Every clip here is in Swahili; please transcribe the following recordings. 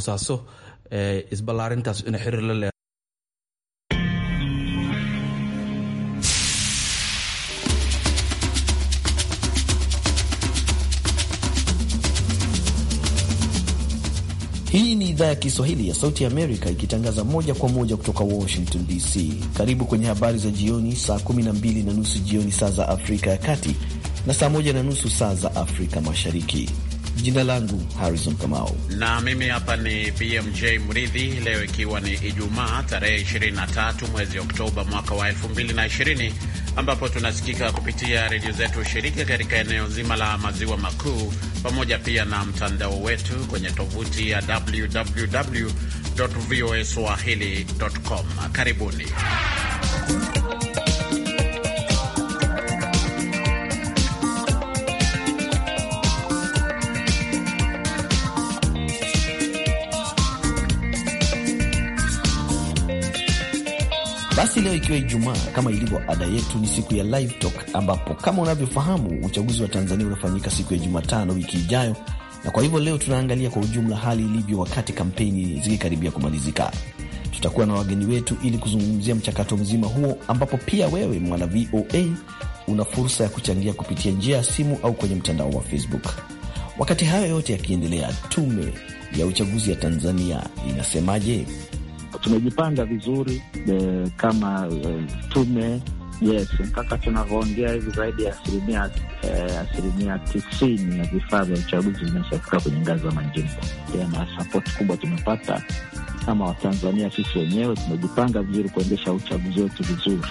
saaso eh, isballaarintaas inay xiriir la leedahay Hii ni idhaa ya Kiswahili ya Sauti Amerika ikitangaza moja kwa moja kutoka Washington DC. Karibu kwenye habari za jioni, saa 12 na nusu jioni saa za Afrika ya Kati na saa 1 na nusu saa za Afrika Mashariki. Jina langu Harrison Kamau na mimi hapa ni BMJ Mridhi. Leo ikiwa ni Ijumaa tarehe 23 mwezi Oktoba mwaka wa 2020 ambapo tunasikika kupitia redio zetu shirika katika eneo zima la maziwa makuu pamoja pia na mtandao wetu kwenye tovuti ya www voa com. Karibuni Basi leo ikiwa Ijumaa, kama ilivyo ada yetu, ni siku ya live talk, ambapo kama unavyofahamu uchaguzi wa Tanzania unafanyika siku ya Jumatano wiki ijayo, na kwa hivyo leo tunaangalia kwa ujumla hali ilivyo wakati kampeni zikikaribia kumalizika. Tutakuwa na wageni wetu ili kuzungumzia mchakato mzima huo, ambapo pia wewe mwana VOA una fursa ya kuchangia kupitia njia ya simu au kwenye mtandao wa Facebook. Wakati hayo yote yakiendelea, tume ya uchaguzi ya Tanzania inasemaje? tumejipanga vizuri e, kama e, tume Yes, mpaka tunavyoongea hivi zaidi ya asilimia eh, asilimia tisini ya vifaa vya uchaguzi vimeshafika kwenye ngazi za majimbo na sapoti kubwa tumepata. Kama Watanzania sisi wenyewe tumejipanga vizuri kuendesha uchaguzi wetu vizuri.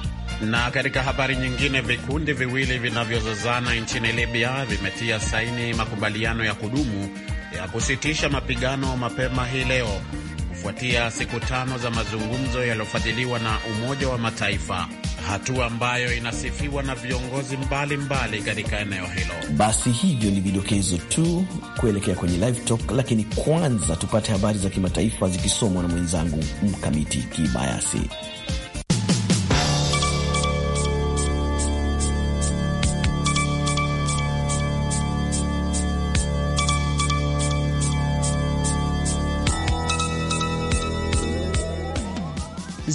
Na katika habari nyingine, vikundi viwili vinavyozozana nchini Libya vimetia saini makubaliano ya kudumu ya kusitisha mapigano mapema hii leo kufuatia siku tano za mazungumzo yaliyofadhiliwa na Umoja wa Mataifa, hatua ambayo inasifiwa na viongozi mbalimbali katika eneo hilo. Basi hivyo ni vidokezo tu kuelekea kwenye live talk, lakini kwanza tupate habari za kimataifa zikisomwa na mwenzangu Mkamiti Kibayasi.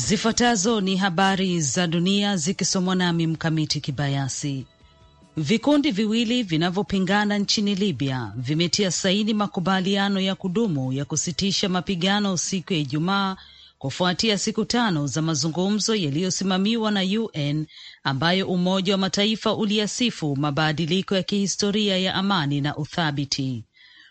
Zifuatazo ni habari za dunia zikisomwa nami Mkamiti Kibayasi. Vikundi viwili vinavyopingana nchini Libya vimetia saini makubaliano ya kudumu ya kusitisha mapigano siku ya Ijumaa kufuatia siku tano za mazungumzo yaliyosimamiwa na UN ambayo Umoja wa Mataifa uliyasifu mabadiliko ya kihistoria ya amani na uthabiti.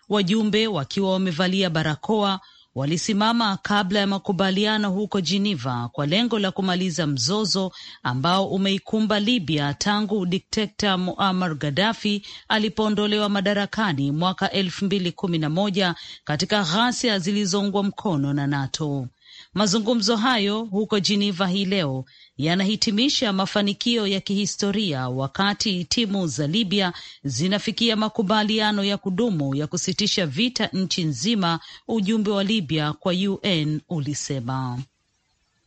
Wajumbe wakiwa wamevalia barakoa walisimama kabla ya makubaliano huko Geneva kwa lengo la kumaliza mzozo ambao umeikumba Libya tangu dikteta Muammar Gaddafi alipoondolewa madarakani mwaka elfu mbili kumi na moja katika ghasia zilizoungwa mkono na NATO. Mazungumzo hayo huko Geneva hii leo yanahitimisha mafanikio ya kihistoria wakati timu za Libya zinafikia makubaliano ya kudumu ya kusitisha vita nchi nzima, ujumbe wa Libya kwa UN ulisema.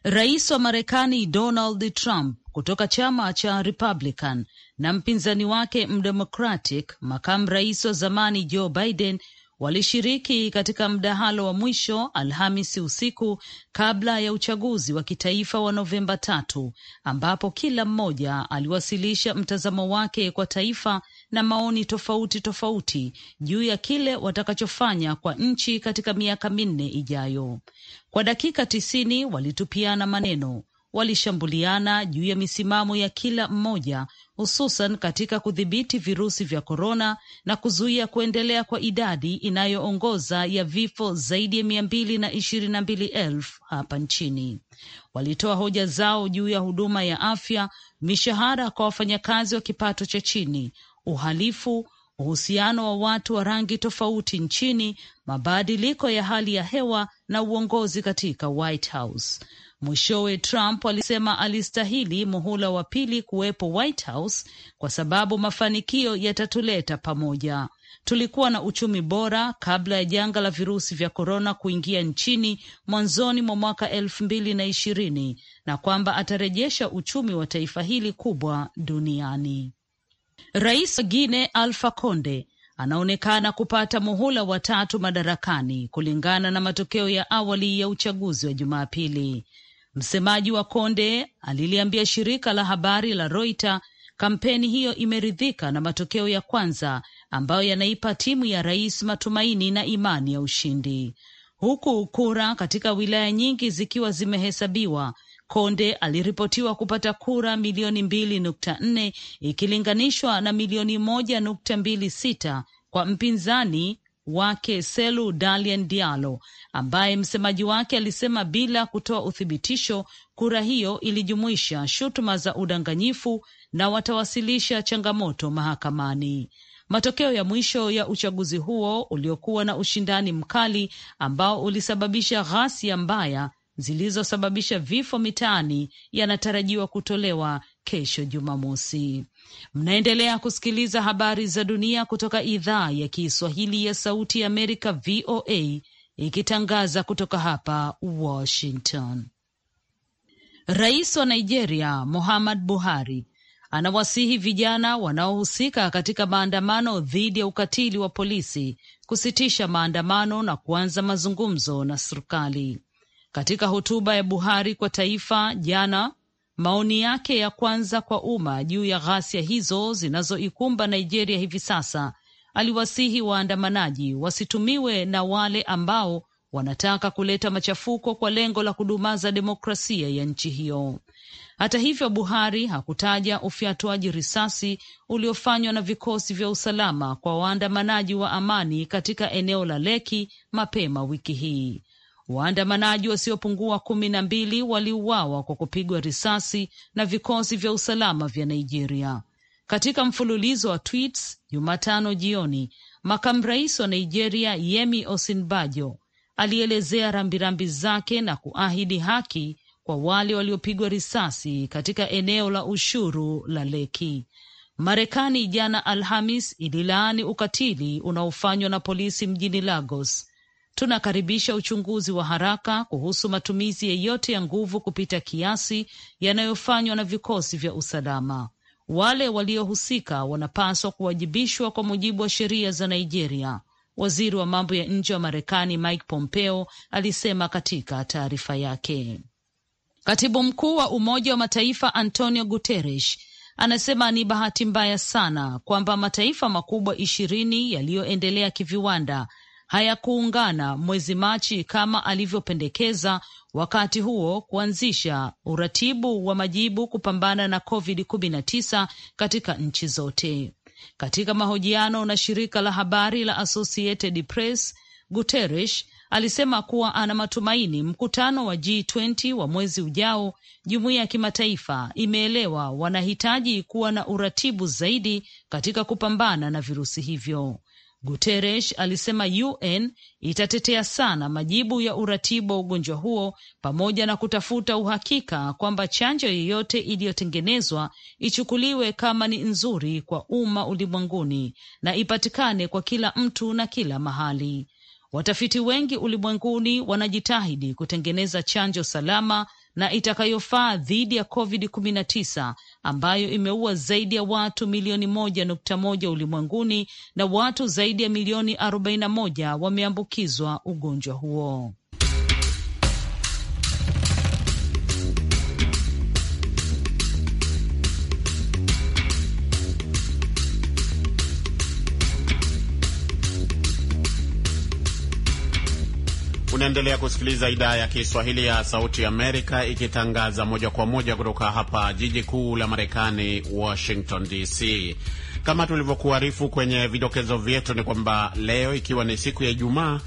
Rais wa Marekani Donald Trump kutoka chama cha Republican na mpinzani wake mdemocratic makamu rais wa zamani Joe Biden walishiriki katika mdahalo wa mwisho Alhamisi usiku kabla ya uchaguzi wa kitaifa wa Novemba tatu, ambapo kila mmoja aliwasilisha mtazamo wake kwa taifa na maoni tofauti tofauti juu ya kile watakachofanya kwa nchi katika miaka minne ijayo. Kwa dakika tisini walitupiana maneno walishambuliana juu ya misimamo ya kila mmoja, hususan katika kudhibiti virusi vya korona na kuzuia kuendelea kwa idadi inayoongoza ya vifo zaidi ya mia mbili na ishirini na mbili elfu hapa nchini. Walitoa hoja zao juu ya huduma ya afya, mishahara kwa wafanyakazi wa kipato cha chini, uhalifu uhusiano wa watu wa rangi tofauti nchini, mabadiliko ya hali ya hewa na uongozi katika White House. Mwishowe Trump alisema alistahili muhula wa pili kuwepo White House kwa sababu mafanikio yatatuleta pamoja. Tulikuwa na uchumi bora kabla ya janga la virusi vya korona kuingia nchini mwanzoni mwa mwaka elfu mbili na ishirini na kwamba atarejesha uchumi wa taifa hili kubwa duniani. Rais wa Guine alfa Conde anaonekana kupata muhula wa tatu madarakani kulingana na matokeo ya awali ya uchaguzi wa Jumapili. Msemaji wa Konde aliliambia shirika la habari la Reuters kampeni hiyo imeridhika na matokeo ya kwanza ambayo yanaipa timu ya rais matumaini na imani ya ushindi. Huku kura katika wilaya nyingi zikiwa zimehesabiwa, Konde aliripotiwa kupata kura milioni mbili nukta nne ikilinganishwa na milioni moja nukta mbili sita kwa mpinzani wake Selu Dalien Dialo, ambaye msemaji wake alisema bila kutoa uthibitisho, kura hiyo ilijumuisha shutuma za udanganyifu na watawasilisha changamoto mahakamani. Matokeo ya mwisho ya uchaguzi huo uliokuwa na ushindani mkali ambao ulisababisha ghasia mbaya zilizosababisha vifo mitaani yanatarajiwa kutolewa kesho Jumamosi. Mnaendelea kusikiliza habari za dunia kutoka idhaa ya Kiswahili ya Sauti ya Amerika, VOA, ikitangaza kutoka hapa Washington. Rais wa Nigeria Muhammad Buhari anawasihi vijana wanaohusika katika maandamano dhidi ya ukatili wa polisi kusitisha maandamano na kuanza mazungumzo na serikali. Katika hotuba ya Buhari kwa taifa jana maoni yake ya kwanza kwa umma juu ya ghasia hizo zinazoikumba Nigeria hivi sasa, aliwasihi waandamanaji wasitumiwe na wale ambao wanataka kuleta machafuko kwa lengo la kudumaza demokrasia ya nchi hiyo. Hata hivyo, Buhari hakutaja ufyatuaji risasi uliofanywa na vikosi vya usalama kwa waandamanaji wa amani katika eneo la Leki mapema wiki hii. Waandamanaji wasiopungua kumi na mbili waliuawa kwa kupigwa risasi na vikosi vya usalama vya Nigeria. Katika mfululizo wa tweets Jumatano jioni, makamu rais wa Nigeria Yemi Osinbajo alielezea rambirambi zake na kuahidi haki kwa wale waliopigwa risasi katika eneo la ushuru la Lekki. Marekani jana Alhamis ililaani ukatili unaofanywa na polisi mjini Lagos Tunakaribisha uchunguzi wa haraka kuhusu matumizi yeyote ya nguvu kupita kiasi yanayofanywa na vikosi vya usalama. Wale waliohusika wanapaswa kuwajibishwa kwa mujibu wa sheria za Nigeria, waziri wa mambo ya nje wa Marekani Mike Pompeo alisema katika taarifa yake. Katibu mkuu wa Umoja wa Mataifa Antonio Guterres anasema ni bahati mbaya sana kwamba mataifa makubwa ishirini yaliyoendelea kiviwanda hayakuungana mwezi Machi kama alivyopendekeza wakati huo kuanzisha uratibu wa majibu kupambana na COVID-19 katika nchi zote. Katika mahojiano na shirika la habari la Associated Press, Guterres alisema kuwa ana matumaini mkutano wa G20 wa mwezi ujao, jumuiya ya kimataifa imeelewa wanahitaji kuwa na uratibu zaidi katika kupambana na virusi hivyo. Guterres alisema UN itatetea sana majibu ya uratibu wa ugonjwa huo pamoja na kutafuta uhakika kwamba chanjo yoyote iliyotengenezwa ichukuliwe kama ni nzuri kwa umma ulimwenguni na ipatikane kwa kila mtu na kila mahali. Watafiti wengi ulimwenguni wanajitahidi kutengeneza chanjo salama na itakayofaa dhidi ya COVID-19 ambayo imeua zaidi ya watu milioni moja nukta moja ulimwenguni na watu zaidi ya milioni arobaini na moja wameambukizwa ugonjwa huo. Unaendelea kusikiliza idhaa ya Kiswahili ya Sauti Amerika ikitangaza moja kwa moja kutoka hapa jiji kuu la Marekani, Washington DC. Kama tulivyokuarifu kwenye vidokezo vyetu, ni kwamba leo ikiwa ni siku ya Ijumaa,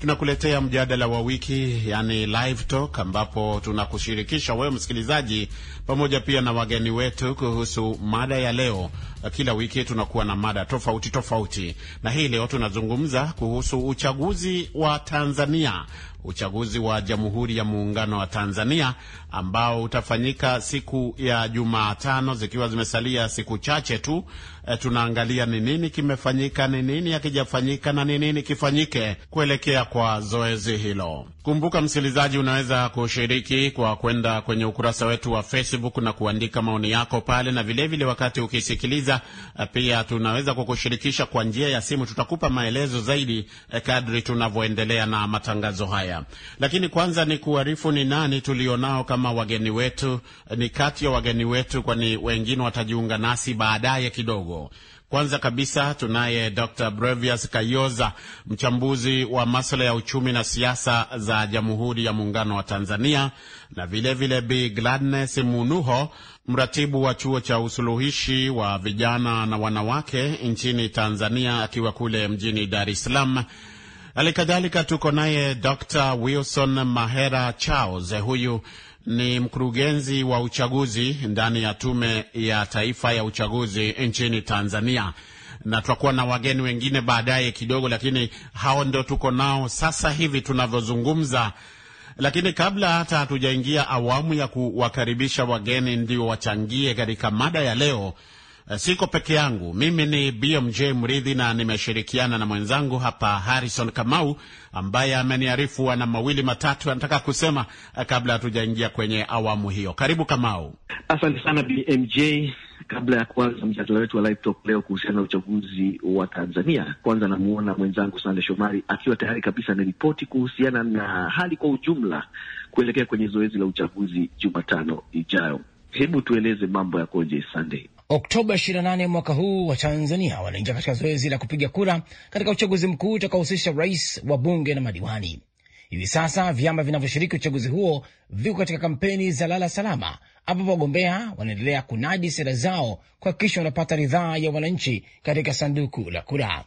tunakuletea mjadala wa wiki, yani live talk, ambapo tunakushirikisha wewe msikilizaji pamoja pia na wageni wetu kuhusu mada ya leo. Kila wiki tunakuwa na mada tofauti tofauti, na hii leo tunazungumza kuhusu uchaguzi wa Tanzania, uchaguzi wa Jamhuri ya Muungano wa Tanzania ambao utafanyika siku ya Jumatano, zikiwa zimesalia siku chache tu. E, tunaangalia ni nini kimefanyika, ni nini hakijafanyika na ni nini kifanyike kuelekea kwa zoezi hilo. Kumbuka msikilizaji, unaweza kushiriki kwa kwenda kwenye ukurasa wetu wa Facebook Facebook na kuandika maoni yako pale, na vilevile vile wakati ukisikiliza eh, pia tunaweza kukushirikisha kwa njia ya simu. Tutakupa maelezo zaidi eh, kadri tunavyoendelea na matangazo haya, lakini kwanza ni kuarifu ni nani tulionao kama wageni wetu, eh, ni kati ya wageni wetu, kwani wengine watajiunga nasi baadaye kidogo. Kwanza kabisa tunaye Dr. Brevius Kayoza, mchambuzi wa masuala ya uchumi na siasa za Jamhuri ya Muungano wa Tanzania, na vilevile Bi Gladness Munuho, mratibu wa chuo cha usuluhishi wa vijana na wanawake nchini Tanzania, akiwa kule mjini Dar es Salaam. Hali kadhalika tuko naye Dr. Wilson Mahera Charles, huyu ni mkurugenzi wa uchaguzi ndani ya Tume ya Taifa ya Uchaguzi nchini Tanzania, na tutakuwa na wageni wengine baadaye kidogo, lakini hao ndio tuko nao sasa hivi tunavyozungumza. Lakini kabla hata hatujaingia awamu ya kuwakaribisha wageni ndio wachangie katika mada ya leo, Eh, siko peke yangu, mimi ni BMJ Mridhi na nimeshirikiana na mwenzangu hapa Harrison Kamau ambaye ameniarifu ana mawili matatu anataka kusema eh, kabla hatujaingia kwenye awamu hiyo. Karibu Kamau. Asante sana BMJ. Kabla ya kuanza mjadala wetu wa live talk leo kuhusiana na uchaguzi wa Tanzania, kwanza namuona mwenzangu Sande Shomari akiwa tayari kabisa na ripoti kuhusiana na hali kwa ujumla kuelekea kwenye zoezi la uchaguzi Jumatano ijayo. Hebu tueleze mambo yakoje, Sande? Oktoba 28 mwaka huu wa tanzania wanaingia katika zoezi la kupiga kura katika uchaguzi mkuu utakaohusisha rais, wabunge na madiwani. Hivi sasa vyama vinavyoshiriki uchaguzi huo viko katika kampeni za lala salama, ambapo wagombea wanaendelea kunadi sera zao kuhakikisha wanapata ridhaa ya wananchi katika sanduku la kura.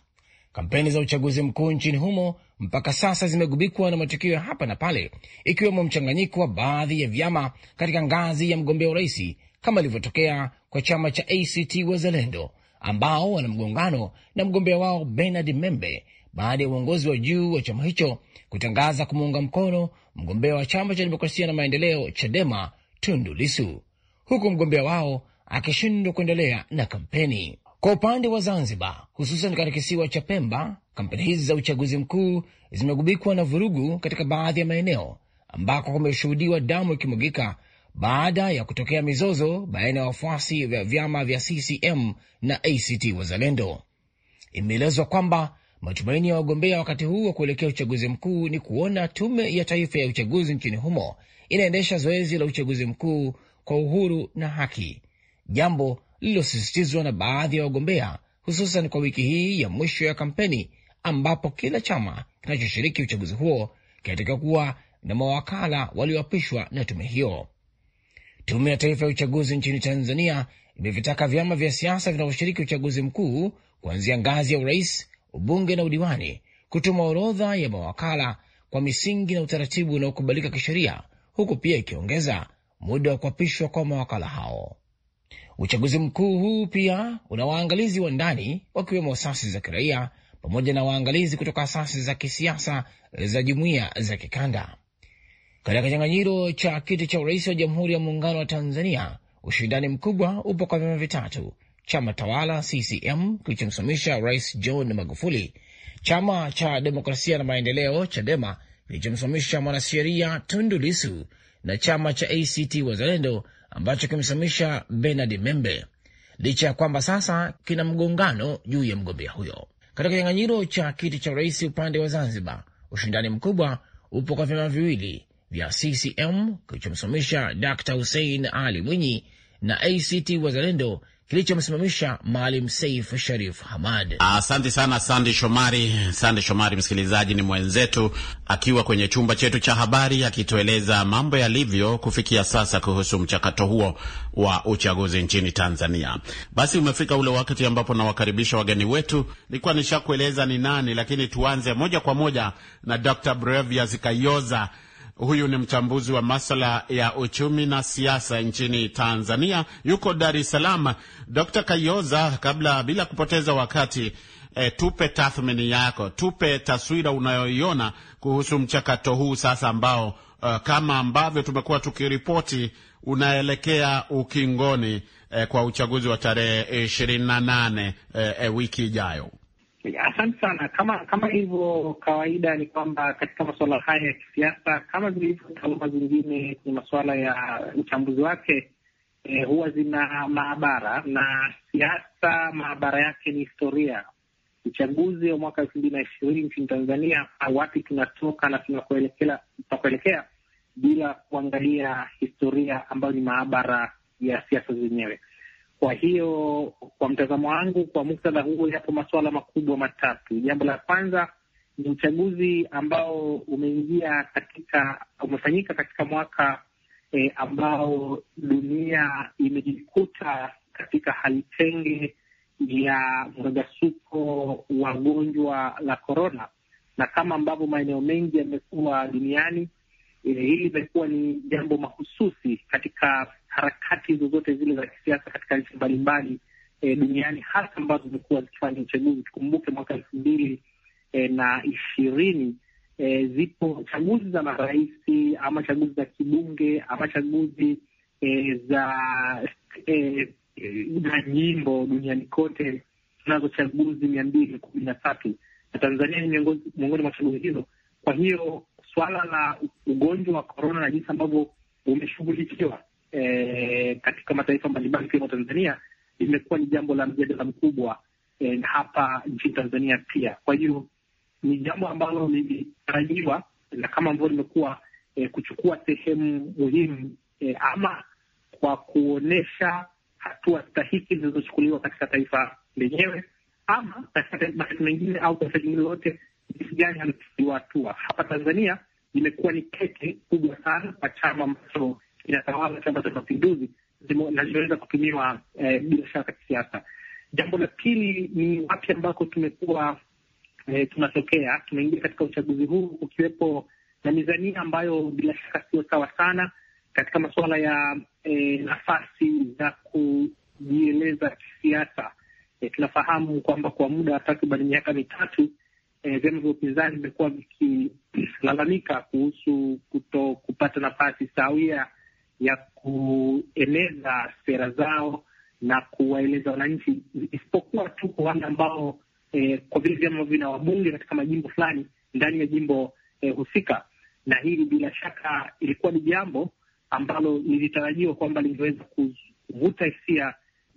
Kampeni za uchaguzi mkuu nchini humo mpaka sasa zimegubikwa na matukio ya hapa na pale, ikiwemo mchanganyiko wa baadhi ya vyama katika ngazi ya mgombea urais kama ilivyotokea kwa chama cha ACT Wazalendo ambao wana mgongano na mgombea wao Bernard Membe baada ya uongozi wa juu wa chama hicho kutangaza kumuunga mkono mgombea wa chama cha demokrasia na maendeleo Chadema Tundu Lisu, huku mgombea wao akishindwa kuendelea na kampeni. Kwa upande wa Zanzibar, hususan katika kisiwa cha Pemba, kampeni hizi za uchaguzi mkuu zimegubikwa na vurugu katika baadhi ya maeneo ambako kumeshuhudiwa damu ikimwagika baada ya kutokea mizozo baina ya wafuasi vya vyama vya CCM na ACT Wazalendo. Imeelezwa kwamba matumaini ya wagombea wakati huu wa kuelekea uchaguzi mkuu ni kuona Tume ya Taifa ya Uchaguzi nchini humo inaendesha zoezi la uchaguzi mkuu kwa uhuru na haki, jambo lililosisitizwa na baadhi ya wagombea, hususan kwa wiki hii ya mwisho ya kampeni, ambapo kila chama kinachoshiriki uchaguzi huo kinatakiwa kuwa na mawakala walioapishwa na tume hiyo. Tume ya Taifa ya Uchaguzi nchini Tanzania imevitaka vyama vya siasa vinavyoshiriki uchaguzi mkuu kuanzia ngazi ya urais, ubunge na udiwani kutuma orodha ya mawakala kwa misingi na utaratibu unaokubalika kisheria, huku pia ikiongeza muda wa kuapishwa kwa mawakala hao. Uchaguzi mkuu huu pia una waangalizi wa ndani wakiwemo asasi za kiraia pamoja na waangalizi kutoka asasi za kisiasa za jumuiya za kikanda. Katika kinyang'anyiro cha kiti cha urais wa Jamhuri ya Muungano wa Tanzania, ushindani mkubwa upo kwa vyama vitatu: chama tawala CCM kilichomsimamisha Rais John Magufuli, chama cha demokrasia na maendeleo CHADEMA kilichomsimamisha mwanasheria Tundu Lisu na chama cha ACT Wazalendo ambacho kimsimamisha Bernard Membe, licha ya kwamba sasa kina mgongano juu ya mgombea huyo. Katika kinyang'anyiro cha kiti cha urais upande wa Zanzibar, ushindani mkubwa upo kwa vyama viwili vya CCM kilichomsimamisha Dr Hussein Ali Mwinyi na ACT Wazalendo kilichomsimamisha Maalim Seif Sharif Hamad. Asante sana sandi Shomari. sandi Shomari, msikilizaji, ni mwenzetu akiwa kwenye chumba chetu cha habari akitueleza mambo yalivyo kufikia sasa kuhusu mchakato huo wa uchaguzi nchini Tanzania. Basi umefika ule wakati ambapo nawakaribisha wageni wetu. Nilikuwa nishakueleza ni nani, lakini tuanze moja kwa moja na Dr Brevias Zikayoza. Huyu ni mchambuzi wa masala ya uchumi na siasa nchini Tanzania, yuko Dar es Salaam. Dr. Kayoza, kabla bila kupoteza wakati E, tupe tathmini yako, tupe taswira unayoiona kuhusu mchakato huu sasa ambao, uh, kama ambavyo tumekuwa tukiripoti unaelekea ukingoni, eh, kwa uchaguzi wa tarehe ishirini na nane eh, eh, wiki ijayo. Asante sana. Kama kama hivyo kawaida, ni kwamba katika masuala haya ya kisiasa, kama zilivyo taaluma zingine kwenye masuala ya uchambuzi wake, eh, huwa zina maabara, na siasa maabara yake ni historia. Uchaguzi wa mwaka elfu mbili na ishirini nchini Tanzania, ah, wapi tunatoka na tunakuelekea bila kuangalia historia ambayo ni maabara ya siasa zenyewe. Kwa hiyo kwa mtazamo wangu, kwa muktadha huo, yapo masuala makubwa matatu. Jambo la kwanza ni uchaguzi ambao umeingia katika umefanyika katika mwaka e, ambao dunia imejikuta katika hali tenge ya mgagasuko wa gonjwa la korona, na kama ambavyo maeneo mengi yamekuwa duniani hili limekuwa ni jambo mahususi katika harakati zozote zile za kisiasa katika nchi mbalimbali e, duniani hasa ambazo zimekuwa zikifanya uchaguzi. Tukumbuke mwaka elfu mbili e, na ishirini e, zipo chaguzi za marais ama chaguzi za kibunge ama chaguzi e, za e, na jimbo duniani kote tunazo chaguzi mia mbili kumi na tatu na Tanzania ni miongoni mwa chaguzi hizo. Kwa hiyo swala la ugonjwa wa korona na jinsi ambavyo umeshughulikiwa e, katika mataifa mbalimbali ikiwemo Tanzania limekuwa ni jambo la mjadala mkubwa e, hapa nchini Tanzania pia. Kwa hiyo ni jambo ambalo lilitarajiwa na kama ambavyo limekuwa e, kuchukua sehemu muhimu e, ama kwa kuonyesha hatua stahiki zilizochukuliwa katika taifa lenyewe ama katika mataifa mengine au taifa lingine lolote, jinsi gani anachukuliwa hatua. Hapa Tanzania imekuwa ni kete kubwa sana kwa chama ambacho kinatawala, Chama cha Mapinduzi, linaloweza kutumiwa eh, bila shaka kisiasa. Jambo la pili ni wapi ambako tumekuwa eh, tunatokea. tumeingia katika uchaguzi huu ukiwepo na mizania ambayo bila shaka sio sawa sana katika masuala ya eh, nafasi za kujieleza kisiasa. Eh, tunafahamu kwamba kwa muda wa takriban miaka mitatu eh, vyama vya upinzani vimekuwa viki lalamika kuhusu kuto kupata nafasi sawia ya kueneza sera zao na kuwaeleza wananchi, isipokuwa tu kwa wale ambao eh, kwa vile vyama vina wabunge katika majimbo fulani ndani ya jimbo eh, husika. Na hili bila shaka ilikuwa ni jambo ambalo lilitarajiwa kwamba lingeweza kuvuta hisia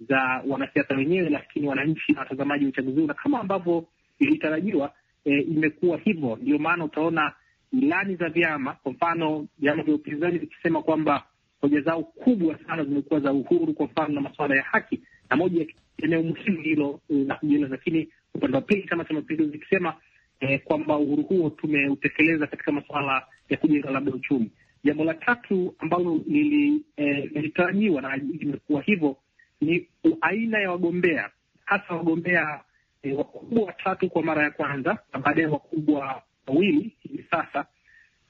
za wanasiasa wenyewe, lakini wananchi na watazamaji wa uchaguzi huu, na kama ambavyo ilitarajiwa eh, imekuwa hivyo. Ndio maana utaona ilani za vyama, kwa mfano vyama vya upinzani vikisema kwamba hoja zao kubwa sana zimekuwa za uhuru, kwa mfano na masuala ya haki, na moja ya eneo muhimu hilo la kujieleza. Lakini upande wa pili, Chama cha Mapinduzi ikisema eh, kwamba uhuru huo tumeutekeleza katika masuala ya kujenga labda uchumi. Jambo la tatu ambalo eh, lilitarajiwa eh, na limekuwa hivyo ni aina ya wagombea, hasa wagombea eh, wakubwa watatu kwa mara ya kwanza na baadaye wakubwa mawili hivi sasa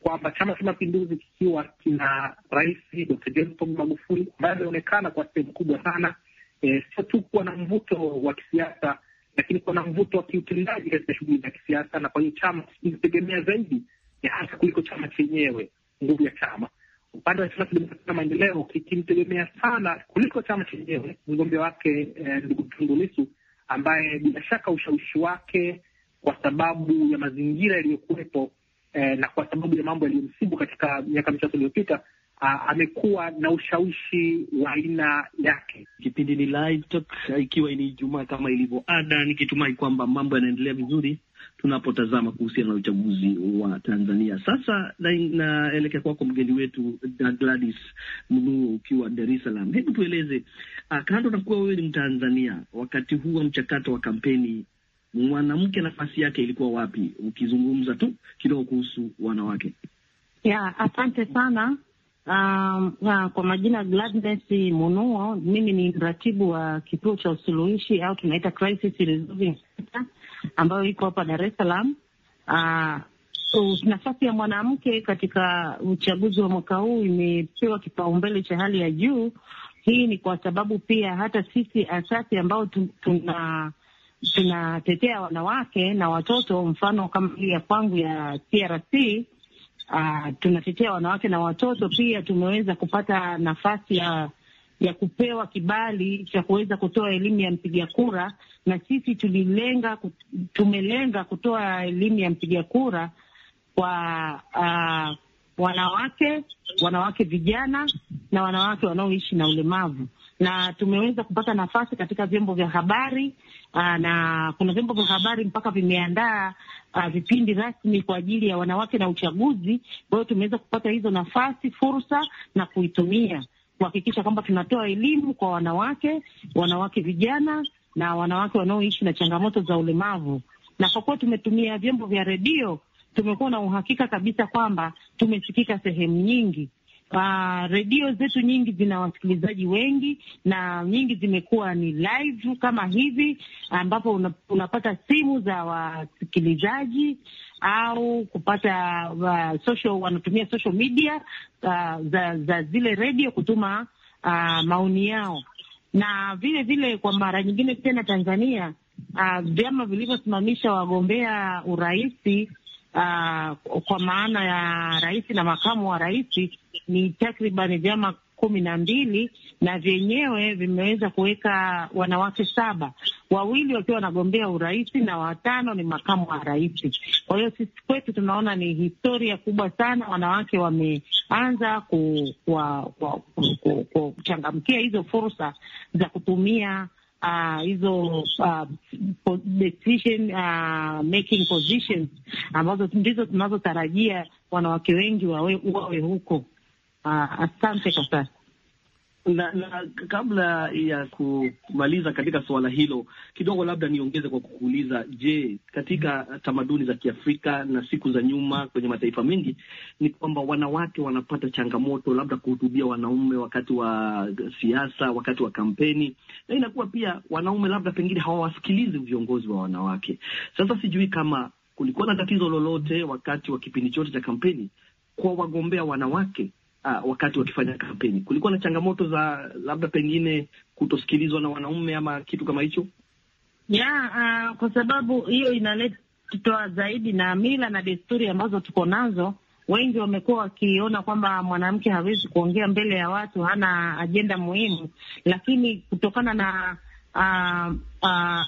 kwamba Chama cha Mapinduzi kikiwa kina Rais Dkt. John Pombe Magufuli ambaye ameonekana kwa sehemu kubwa sana e, sio tu kuwa na mvuto wa kisiasa, lakini kuwa na mvuto wa kiutendaji katika shughuli za kisiasa, na kwa hiyo chama kinitegemea zaidi ya hasa kuliko chama chenyewe, nguvu ya chama upande wa Chama cha Demokrasia na Maendeleo kikimtegemea sana kuliko chama chenyewe mgombea wake e, ndugu Tundu Lissu, ambaye bila shaka ushawishi wake kwa sababu ya mazingira yaliyokuwepo eh, na kwa sababu ya mambo yaliyomsibu katika miaka michache iliyopita. Ah, amekuwa na ushawishi wa aina yake. Kipindi ni Live Talk, ikiwa ni Ijumaa kama ilivyo ada, nikitumai kwamba mambo yanaendelea vizuri tunapotazama kuhusiana na uchaguzi wa Tanzania. Sasa naelekea kwako mgeni wetu Gladys Mnuu, ukiwa Dar es Salaam, hebu tueleze, ah, kando na kuwa wewe ni Mtanzania, wakati huu wa mchakato wa kampeni mwanamke nafasi yake ilikuwa wapi, ukizungumza tu kidogo kuhusu wanawake? Yeah, asante sana. Um, na kwa majina Gladness Munuo, mimi ni mratibu wa kituo cha usuluhishi au tunaita crisis resolving center ambayo iko hapa Dar es Salaam. Uh, nafasi ya mwanamke katika uchaguzi wa mwaka huu imepewa kipaumbele cha hali ya juu. Hii ni kwa sababu pia hata sisi asasi ambao tuna tunatetea wanawake na watoto, mfano kama hii ya kwangu ya TRC. Uh, ah, tunatetea wanawake na watoto pia. Tumeweza kupata nafasi ya ya kupewa kibali cha kuweza kutoa elimu ya mpiga kura, na sisi tulilenga, tumelenga kutoa elimu ya mpiga kura kwa uh, wanawake, wanawake vijana na wanawake wanaoishi na ulemavu, na tumeweza kupata nafasi katika vyombo vya habari Ah, na kuna vyombo vya habari mpaka vimeandaa uh, vipindi rasmi kwa ajili ya wanawake na uchaguzi. Kwa hiyo tumeweza kupata hizo nafasi, fursa na kuitumia kuhakikisha kwamba tunatoa elimu kwa wanawake, wanawake vijana na wanawake wanaoishi na changamoto za ulemavu. Na kwa kuwa tumetumia vyombo vya redio, tumekuwa na uhakika kabisa kwamba tumesikika sehemu nyingi Uh, redio zetu nyingi zina wasikilizaji wengi na nyingi zimekuwa ni live kama hivi, ambapo unapata simu za wasikilizaji au kupata uh, social, wanatumia social media uh, za, za zile redio kutuma uh, maoni yao, na vile vile kwa mara nyingine tena Tanzania uh, vyama vilivyosimamisha wagombea urahisi uh, kwa maana ya rais na makamu wa rais ni takriban vyama kumi na mbili na vyenyewe vimeweza kuweka wanawake saba, wawili wakiwa wanagombea urais na watano ni makamu wa rais. Kwa hiyo sisi kwetu tunaona ni historia kubwa sana, wanawake wameanza kuchangamkia hizo fursa za kutumia Uh, hizo uh, uh, decision uh, making positions ambazo ndizo tunazotarajia wanawake wengi wawe, wawe huko. Uh, asante kwa sasa. Na, na kabla ya kumaliza katika suala hilo kidogo, labda niongeze kwa kukuuliza, je, katika tamaduni za Kiafrika na siku za nyuma kwenye mataifa mengi ni kwamba wanawake wanapata changamoto labda kuhutubia wanaume wakati wa siasa, wakati wa kampeni, na inakuwa pia wanaume labda pengine hawawasikilizi viongozi wa wanawake. Sasa sijui kama kulikuwa na tatizo lolote wakati wa kipindi chote cha kampeni kwa wagombea wanawake uh, wakati wakifanya kampeni kulikuwa na changamoto za labda pengine kutosikilizwa na wanaume ama kitu kama hicho? Yeah, uh, kwa sababu hiyo inaleta zaidi na mila na desturi ambazo tuko nazo wengi wamekuwa wakiona kwamba mwanamke hawezi kuongea mbele ya watu, hana ajenda muhimu, lakini kutokana na uh, uh,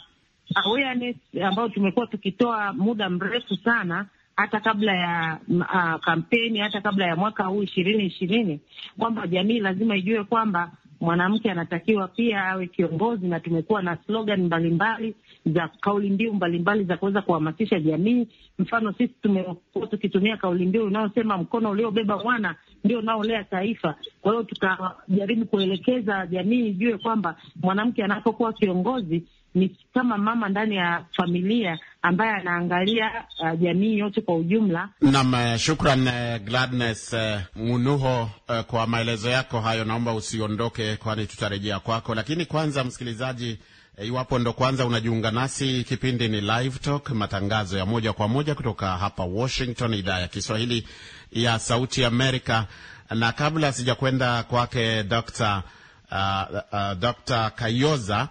awareness ambayo tumekuwa tukitoa muda mrefu sana hata kabla ya uh, kampeni hata kabla ya mwaka huu ishirini ishirini kwamba jamii lazima ijue kwamba mwanamke anatakiwa pia awe kiongozi, na tumekuwa na slogan mbalimbali za kauli mbiu mbalimbali za kuweza kuhamasisha jamii. Mfano, sisi tumekuwa tukitumia kauli mbiu inayosema mkono uliobeba mwana ndio unaolea taifa. Kwa hiyo tukajaribu kuelekeza jamii ijue kwamba mwanamke anapokuwa kiongozi ni kama mama ndani ya familia ambaye anaangalia uh, jamii yote kwa ujumla. Naam, uh, shukran uh, Gladness uh, Munuho uh, kwa maelezo yako hayo. Naomba usiondoke, kwani tutarejea kwako, lakini kwanza msikilizaji uh, Iwapo ndo kwanza unajiunga nasi, kipindi ni Live Talk, matangazo ya moja kwa moja kutoka hapa Washington, idhaa ya Kiswahili ya Sauti Amerika. Na kabla sijakwenda kwake Dr. uh, uh, Dr. Kayoza,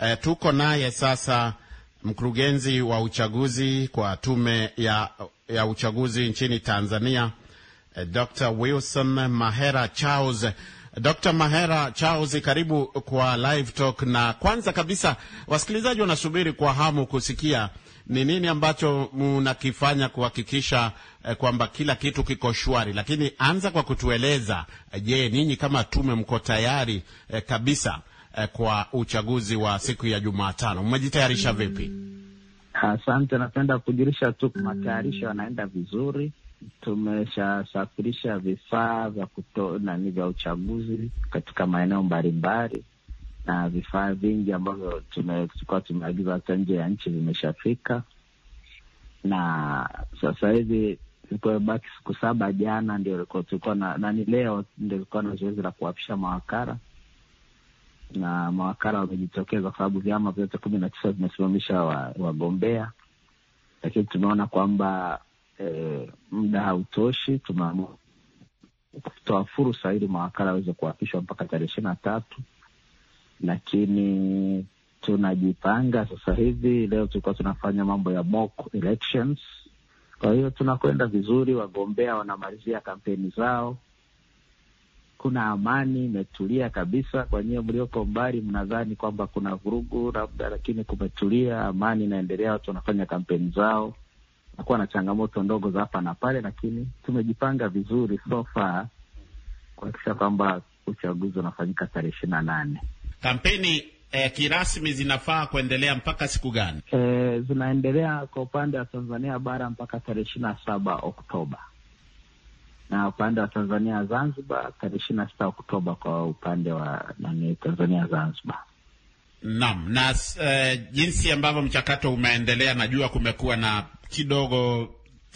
uh, tuko naye sasa mkurugenzi wa uchaguzi kwa tume ya, ya uchaguzi nchini Tanzania eh, Dr. Wilson Mahera Charles. Dr. Mahera Charles, karibu kwa Live Talk. Na kwanza kabisa, wasikilizaji wanasubiri kwa hamu kusikia ni nini ambacho mnakifanya kuhakikisha eh, kwamba kila kitu kiko shwari, lakini anza kwa kutueleza, eh, je, ninyi kama tume mko tayari eh, kabisa eh, kwa uchaguzi wa siku ya Jumatano. Mmejitayarisha mm. vipi? Asante, napenda kujulisha tu matayarisho yanaenda vizuri. Tumeshasafirisha vifaa vya kutonani vya uchaguzi katika maeneo mbalimbali, na vifaa vingi ambavyo tulikuwa tumeagiza hata nje ya nchi vimeshafika, na sasa hivi ilikuwa siku saba. Jana ndio tulikuwa na nani, leo ndio ilikuwa na zoezi la kuwapisha mawakala na mawakala wamejitokeza kwa sababu vyama vyote kumi na tisa vimesimamisha wagombea wa lakini tumeona kwamba e, muda hautoshi, tumeamua kutoa fursa ili mawakala aweze kuapishwa mpaka tarehe ishirini na tatu lakini tunajipanga sasa hivi. Leo tulikuwa tunafanya mambo ya mock elections, kwa hiyo tunakwenda vizuri, wagombea wanamalizia kampeni zao kuna amani, imetulia kabisa. Kwa nyie mlioko mbali, mnadhani kwamba kuna vurugu labda, lakini kumetulia, amani inaendelea, watu wanafanya kampeni zao, nakuwa na changamoto ndogo za hapa na pale, lakini tumejipanga vizuri so far kuhakikisha kwamba uchaguzi unafanyika tarehe ishirini na nane. Kampeni eh, kirasmi zinafaa kuendelea mpaka siku gani? Eh, zinaendelea kwa upande wa Tanzania bara mpaka tarehe ishirini na saba Oktoba na upande wa Tanzania Zanzibar tarehe ishirini na sita Oktoba kwa upande wa nani Tanzania Zanzibar. Naam, na uh, jinsi ambavyo mchakato umeendelea, najua kumekuwa na kidogo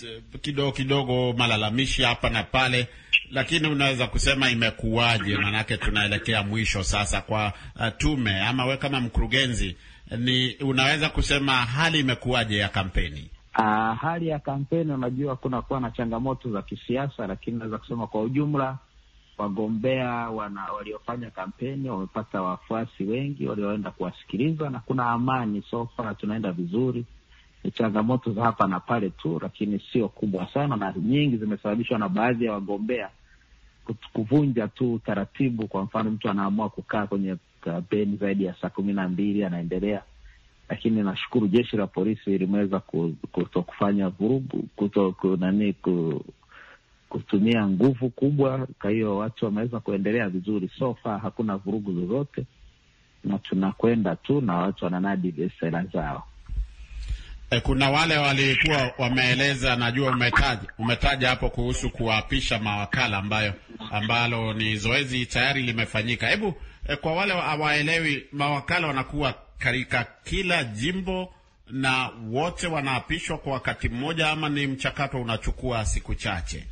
eh, kidogo kidogo malalamishi hapa na pale, lakini unaweza kusema imekuwaje? Maanake tunaelekea mwisho sasa kwa uh, tume ama we kama mkurugenzi, ni unaweza kusema hali imekuwaje ya kampeni? Aa, ah, hali ya kampeni unajua, kuna kuwa na changamoto za kisiasa, lakini naweza kusema kwa ujumla wagombea waliofanya kampeni wamepata wafuasi wengi walioenda kuwasikiliza na kuna amani sofa, tunaenda vizuri. Ni changamoto za hapa na pale tu, lakini sio kubwa sana, na nyingi zimesababishwa na baadhi ya wagombea kuvunja tu taratibu. Kwa mfano, mtu anaamua kukaa kwenye kampeni zaidi ya saa kumi na mbili anaendelea lakini nashukuru jeshi la polisi limeweza kuto kufanya vurugu kuto kunani kutumia nguvu kubwa. Kwa hiyo watu wameweza kuendelea vizuri, sofa hakuna vurugu zozote, na tunakwenda tu na watu wananadi sera zao. E, kuna wale walikuwa wameeleza, najua umetaja umetaja hapo kuhusu kuwaapisha mawakala ambayo ambalo ni zoezi tayari limefanyika. Hebu e, kwa wale hawaelewi mawakala wanakuwa katika kila jimbo na wote wanaapishwa kwa wakati mmoja ama ni mchakato unachukua siku chache?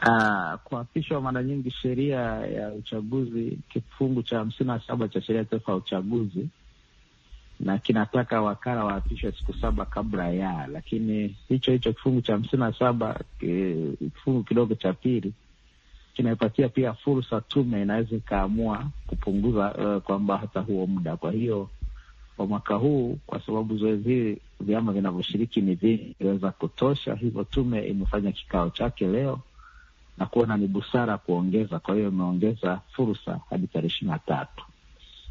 Ah, kuapishwa mara nyingi, sheria ya uchaguzi kifungu cha hamsini na saba cha sheria ya taifa ya uchaguzi na kinataka wakala waapishwe siku saba kabla ya, lakini hicho hicho kifungu cha hamsini na saba eh, kifungu kidogo cha pili kinaipatia pia fursa tume inaweza ikaamua kupunguza uh, kwamba hata huo muda. Kwa hiyo kwa mwaka huu, kwa sababu zoezi hili vyama vinavyoshiriki ni vingi, iliweza kutosha, hivyo tume imefanya kikao chake leo na kuona ni busara kuongeza. Kwa hiyo imeongeza fursa hadi tarehe ishirini na tatu,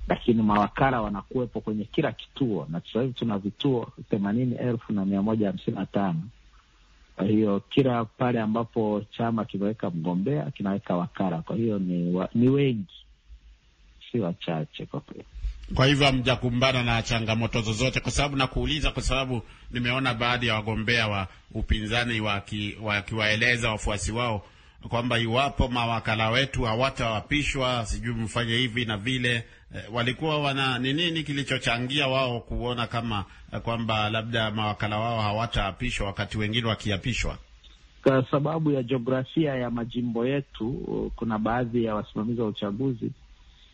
lakini mawakala wanakuwepo kwenye kila kituo, na sasa hivi tuna vituo themanini elfu na mia moja hamsini na tano kwa hiyo kila pale ambapo chama kimeweka mgombea kinaweka wakala, kwa hiyo ni, wa, ni wengi, si wachache kwa kweli. Kwa hivyo hamjakumbana na changamoto zozote? Kwa sababu nakuuliza kwa sababu nimeona baadhi ya wagombea wa upinzani wakiwaeleza waki wafuasi wao kwamba iwapo mawakala wetu hawatawapishwa, sijui mfanye hivi na vile, eh, walikuwa wana ni nini kilichochangia wao kuona kama eh, kwamba labda mawakala wao hawataapishwa wakati wengine wakiapishwa? Kwa sababu ya jiografia ya majimbo yetu, kuna baadhi ya wasimamizi wa uchaguzi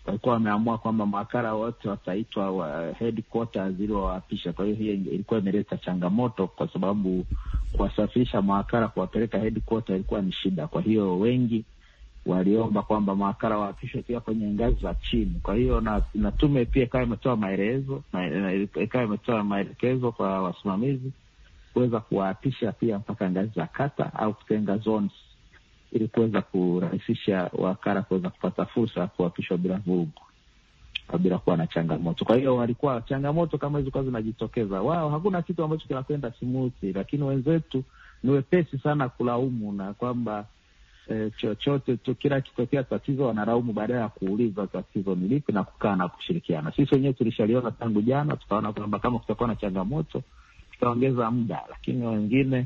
walikuwa wameamua kwamba mawakala wote wataitwa wa headquarters ili wawaapisha. Kwa hiyo hiyo ilikuwa imeleta changamoto, kwa sababu kuwasafirisha mawakala kuwapeleka headquarters ilikuwa ni shida. Kwa hiyo wengi waliomba kwamba mawakala waapishwe pia kwenye ngazi za chini. Kwa hiyo na, na tume pia ikawa imetoa maelezo, ikawa imetoa maelekezo kwa wasimamizi kuweza kuwaapisha pia mpaka ngazi za kata au kutenga zones ili kuweza kurahisisha wakala kuweza kupata fursa ya kuapishwa bila vurugu, bila kuwa na changamoto. Kwa hiyo walikuwa changamoto kama hizo kuwa zinajitokeza, wao hakuna kitu ambacho kinakwenda simuti, lakini wenzetu ni wepesi sana kulaumu na kwamba e, chochote tu, kila kitokea tatizo wanaraumu badala ya kuuliza tatizo ni lipi na kukaa na kushirikiana. Sisi wenyewe tulishaliona tangu jana, tukaona kwamba kama kutakuwa na changamoto tutaongeza muda, lakini wengine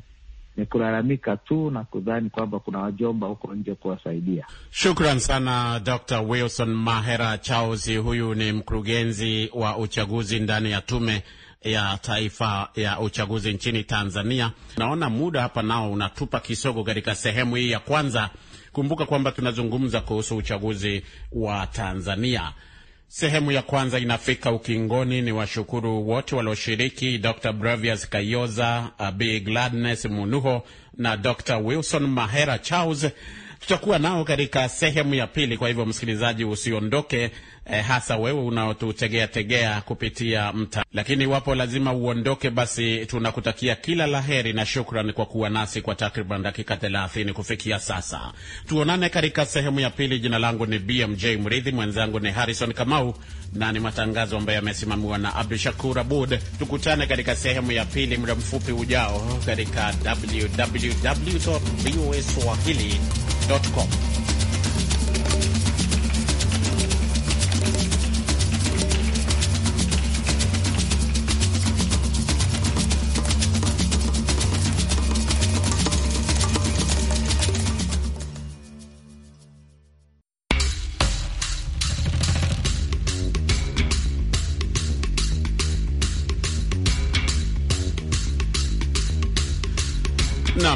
ni kulalamika tu na kudhani kwamba kuna wajomba huko nje kuwasaidia. Shukran sana Dr. Wilson Mahera Charles. Huyu ni mkurugenzi wa uchaguzi ndani ya tume ya Taifa ya Uchaguzi nchini Tanzania. Naona muda hapa nao unatupa kisogo katika sehemu hii ya kwanza. Kumbuka kwamba tunazungumza kuhusu uchaguzi wa Tanzania. Sehemu ya kwanza inafika ukingoni. Ni washukuru wote walioshiriki, Dr Bravias Kayoza, uh, B Gladness Munuho na Dr Wilson Mahera Charles. Tutakuwa nao katika sehemu ya pili, kwa hivyo msikilizaji, usiondoke eh, hasa wewe unaotutegea tegea kupitia mta. Lakini iwapo lazima uondoke, basi tunakutakia kila laheri na shukrani kwa kuwa nasi kwa takriban dakika 30 kufikia sasa. Tuonane katika sehemu ya pili. Jina langu ni BMJ Mridhi, mwenzangu ni Harrison Kamau na ni matangazo ambayo yamesimamiwa na Abdu Shakur Abud. Tukutane katika sehemu ya pili muda mfupi ujao katika www.voaswahili.com.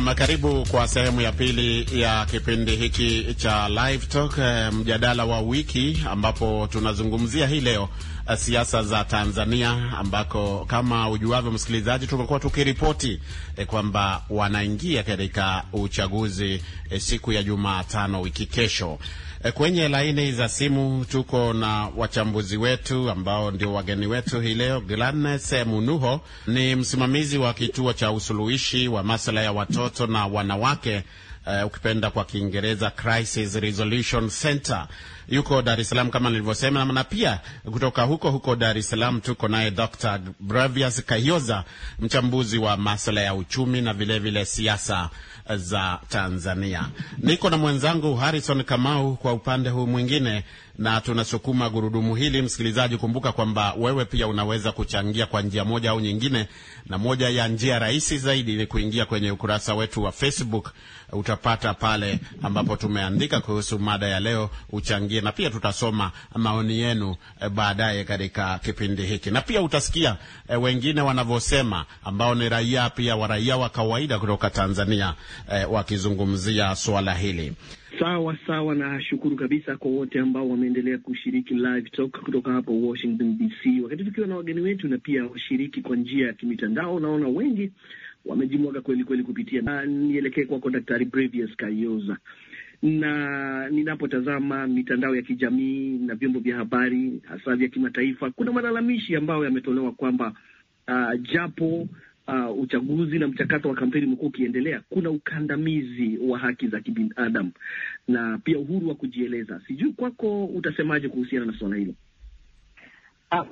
Naam, karibu kwa sehemu ya pili ya kipindi hiki cha Live Talk, eh, mjadala wa wiki, ambapo tunazungumzia hii leo eh, siasa za Tanzania, ambako kama ujuavyo, msikilizaji, tumekuwa tukiripoti e, kwamba wanaingia katika uchaguzi e, siku ya Jumatano wiki kesho Eh, kwenye laini za simu tuko na wachambuzi wetu ambao ndio wageni wetu hii leo. Glanes eh, Munuho ni msimamizi wa kituo cha usuluhishi wa masuala ya watoto na wanawake uh, ukipenda kwa Kiingereza Crisis Resolution Center yuko Dar es Salaam kama nilivyosema, na pia kutoka huko huko Dar es Salaam tuko naye Dr. Bravias Kayoza, mchambuzi wa masuala ya uchumi na vilevile vile siasa eh, za Tanzania. Niko na mwenzangu Harrison Kamau kwa upande huu mwingine na tunasukuma gurudumu hili. Msikilizaji, kumbuka kwamba wewe pia unaweza kuchangia kwa njia moja au nyingine, na moja ya njia rahisi zaidi ni kuingia kwenye ukurasa wetu wa Facebook. Utapata pale ambapo tumeandika kuhusu mada ya leo, uchangie, na pia tutasoma maoni yenu eh, baadaye katika kipindi hiki, na pia utasikia eh, wengine wanavyosema ambao ni raia pia wa raia wa kawaida kutoka Tanzania eh, wakizungumzia swala hili. Sawa sawa, na shukuru kabisa kwa wote ambao wameendelea kushiriki live talk kutoka hapa Washington DC, wakati tukiwa na wageni wetu na pia washiriki kwa njia ya kimitandao. Naona wengi wamejimwaga kweli kweli kupitia na nielekee kwako Daktari Brevius Kayoza na ninapotazama mitandao ya kijamii na vyombo vya habari hasa vya kimataifa, kuna malalamishi ambayo yametolewa kwamba uh, japo uh, uchaguzi na mchakato wa kampeni umekuwa ukiendelea, kuna ukandamizi wa haki za kibinadamu na pia uhuru wa kujieleza. Sijui kwako utasemaje kuhusiana na suala hilo? Ah,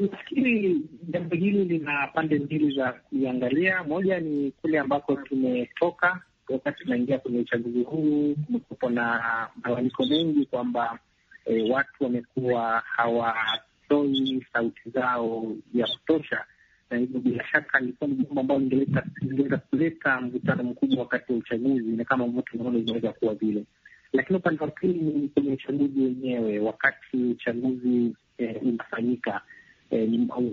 nafikiri jambo hili lina pande mbili za kuiangalia. Moja ni kule ambako tumetoka wakati tunaingia kwenye uchaguzi huu, kumekuwepo na malalamiko mengi kwamba e, watu wamekuwa hawatoi sauti zao ya kutosha na hivyo bila shaka alikuwa ni jambo ambalo lingeweza kuleta mvutano mkubwa wakati wa uchaguzi, na kama ambavyo tunaona inaweza kuwa vile. Lakini upande wa pili ni kwenye uchaguzi wenyewe, wakati uchaguzi eh, unafanyika eh,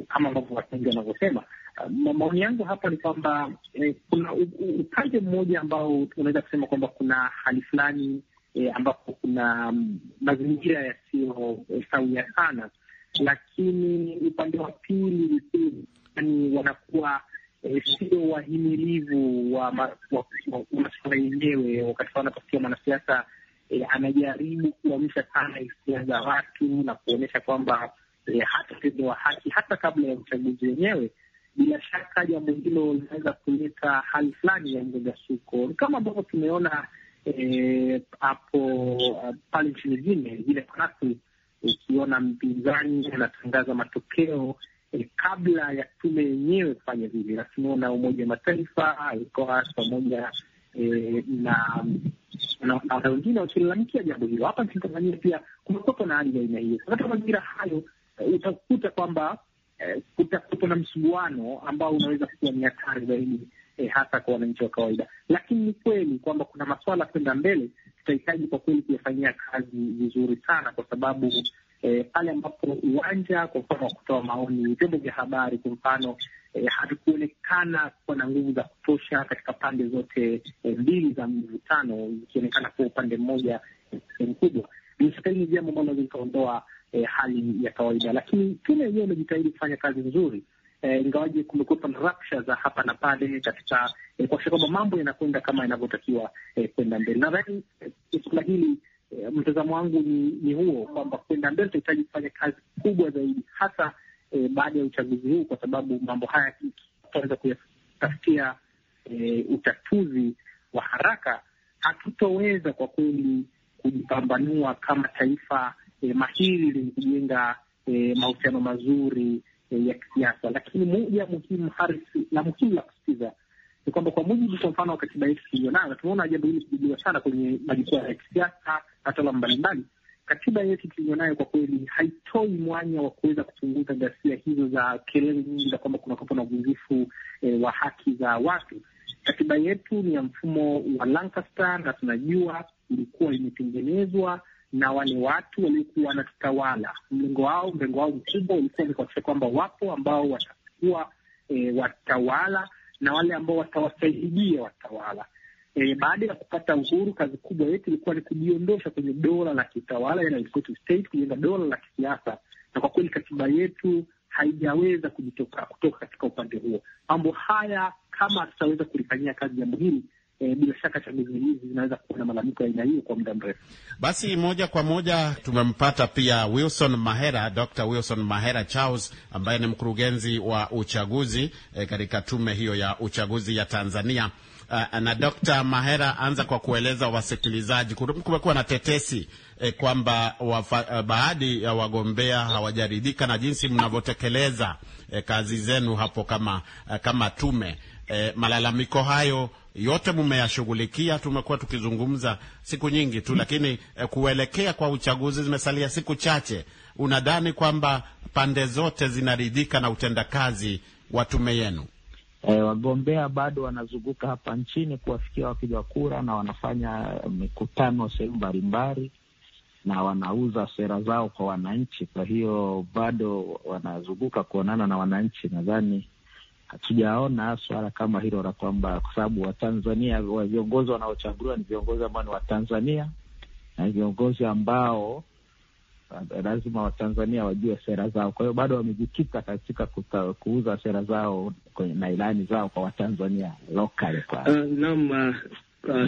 kama ambavyo watu wengi wanavyosema. Maoni yangu hapa ni kwamba eh, kuna upande mmoja ambao unaweza kusema kwamba kuna hali fulani ambapo kuna mm, mazingira yasiyo sawia sana, lakini upande wa pili yani wanakuwa eh, sio wahimilivu wa masuala yenyewe, wakati wanapokea mwanasiasa eh, anajaribu kuamsha sana hisia za watu na kuonyesha kwamba eh, hata haki hata kabla ya uchaguzi wenyewe. Bila shaka jambo hilo linaweza kuleta hali fulani ya mgagasuko kama ambavyo tumeona eh, hapo e, pale nchini Guinea vile, ukiona mpinzani anatangaza matokeo eh, kabla ya tume yenyewe kufanya vile, lakini na Umoja wa Mataifa, ECOWAS pamoja eh, na na wengine wakilalamikia jambo hilo. Hapa nchini Tanzania pia kumekuwepo na hali ya aina hiyo. Katika mazingira hayo, eh, utakuta kwamba eh, kutakuwepo na msuguano ambao unaweza kuwa ni hatari zaidi eh, hasa kwa wananchi wa kawaida. Lakini ni kweli kwamba kuna maswala kwenda mbele tutahitaji kwa kweli kuyafanyia kazi vizuri sana, kwa sababu Eh, pale ambapo uwanja kwa mfano wa kutoa maoni, vyombo vya habari kwa mfano E, havikuonekana kuwa na nguvu za kutosha katika pande zote eh, mbili za mvutano ikionekana kuwa upande mmoja mkubwa. Bila shaka ni jambo ambalo likaondoa e, hali ya kawaida, lakini tume yenyewe imejitahidi kufanya kazi nzuri e, ingawaje kumekuwepo na rapsha za hapa na pale katika e, kuakisha kwamba mambo yanakwenda kama yanavyotakiwa e, kwenda mbele. Nadhani e, suala hili Eh, mtazamo wangu ni, ni huo kwamba kwenda mbele tutahitaji kufanya kazi kubwa zaidi hasa e, baada ya uchaguzi huu, kwa sababu mambo haya tutaweza kuyatafutia e, utatuzi wa haraka, hatutoweza kwa kweli kujipambanua kama taifa e, mahiri lenye kujenga e, mahusiano mazuri e, ya kisiasa. Lakini moja muhimu, Harris, la muhimu la kusikiza ni kwamba kwa mujibu kwa mfano wa katiba yetu tuliyo nayo, na tumeona jambo hili kijadiliwa sana kwenye majukwaa ya kisiasa, wataalamu mbalimbali. Katiba yetu tuliyo nayo kwa kweli haitoi mwanya wa kuweza kupunguza ghasia hizo za kelele nyingi za kwamba kunakuwepo na uvunjifu eh, wa haki za watu. Katiba yetu ni ya mfumo wa Lancaster na tunajua ilikuwa imetengenezwa na wale watu waliokuwa wanatutawala. Mlengo wao mrengo wao mkubwa ulikuwa ni kuhakikisha kwamba wapo ambao watakuwa e, watawala na wale ambao watawasaidia watawala. E, baada ya kupata uhuru, kazi kubwa yetu ilikuwa ni kujiondosha kwenye dola la kiutawala, state, kujenga dola la kisiasa, na kwa kweli katiba yetu haijaweza kujitoka kutoka katika upande huo. Mambo haya kama hatutaweza kulifanyia kazi jambo hili E, bila shaka chaguzi hizi zinaweza kuwa na malalamiko ya aina hiyo kwa muda mrefu. Basi moja kwa moja tumempata pia Wilson Mahera, Dr. Wilson Mahera Charles ambaye ni mkurugenzi wa uchaguzi e, katika tume hiyo ya uchaguzi ya Tanzania. Uh, na Dr. Mahera, anza kwa kueleza wasikilizaji, kumekuwa na tetesi eh, kwamba e, baadhi ya wagombea hawajaridhika na jinsi mnavyotekeleza eh, kazi zenu hapo kama, uh, kama tume eh, malalamiko hayo yote mmeyashughulikia. Tumekuwa tukizungumza siku nyingi tu, lakini eh, kuelekea kwa uchaguzi zimesalia siku chache. Unadhani kwamba pande zote zinaridhika na utendakazi wa tume yenu? E, wagombea bado wanazunguka hapa nchini kuwafikia wapiga kura na wanafanya eh, mikutano sehemu mbalimbali na wanauza sera zao kwa wananchi. Kwa hiyo bado wanazunguka kuonana na wananchi. Nadhani hatujaona swala kama hilo la kwamba, kwa sababu Watanzania wa viongozi wanaochaguliwa ni viongozi ambao ni Watanzania na viongozi ambao eh, lazima Watanzania wajue sera zao. Kwa hiyo bado wamejikita katika kuta, kuuza sera zao na ilani zao kwa Watanzania uh, Naam, eh,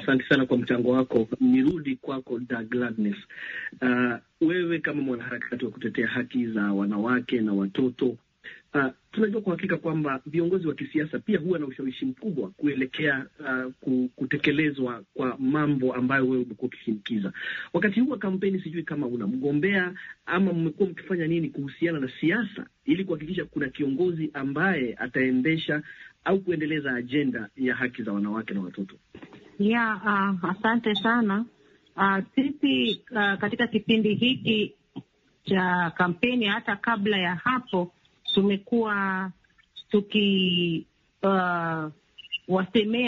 asante sana kwa mchango wako. Nirudi kwako Da Gladness. Uh, wewe kama mwanaharakati wa kutetea haki za wanawake na watoto Uh, tunajua kwa hakika kwamba viongozi wa kisiasa pia huwa na ushawishi mkubwa kuelekea uh, kutekelezwa kwa mambo ambayo wewe umekuwa ukishinikiza. Wakati huu wa kampeni, sijui kama una mgombea ama mmekuwa mkifanya nini kuhusiana na siasa ili kuhakikisha kuna kiongozi ambaye ataendesha au kuendeleza ajenda ya haki za wanawake na watoto? Yeah, uh, asante sana ah, sisi uh, uh, katika kipindi hiki cha kampeni hata kabla ya hapo tumekuwa tukiwasemea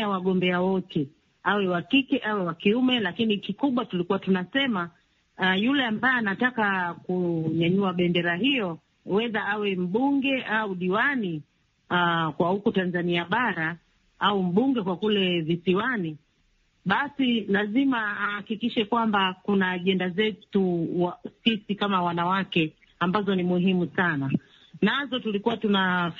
uh, wagombea wote awe wa kike awe wa kiume, lakini kikubwa tulikuwa tunasema uh, yule ambaye anataka kunyanyua bendera hiyo wedha awe mbunge au diwani uh, kwa huku Tanzania bara au mbunge kwa kule visiwani, basi lazima ahakikishe kwamba kuna ajenda zetu sisi kama wanawake ambazo ni muhimu sana nazo tulikuwa tuna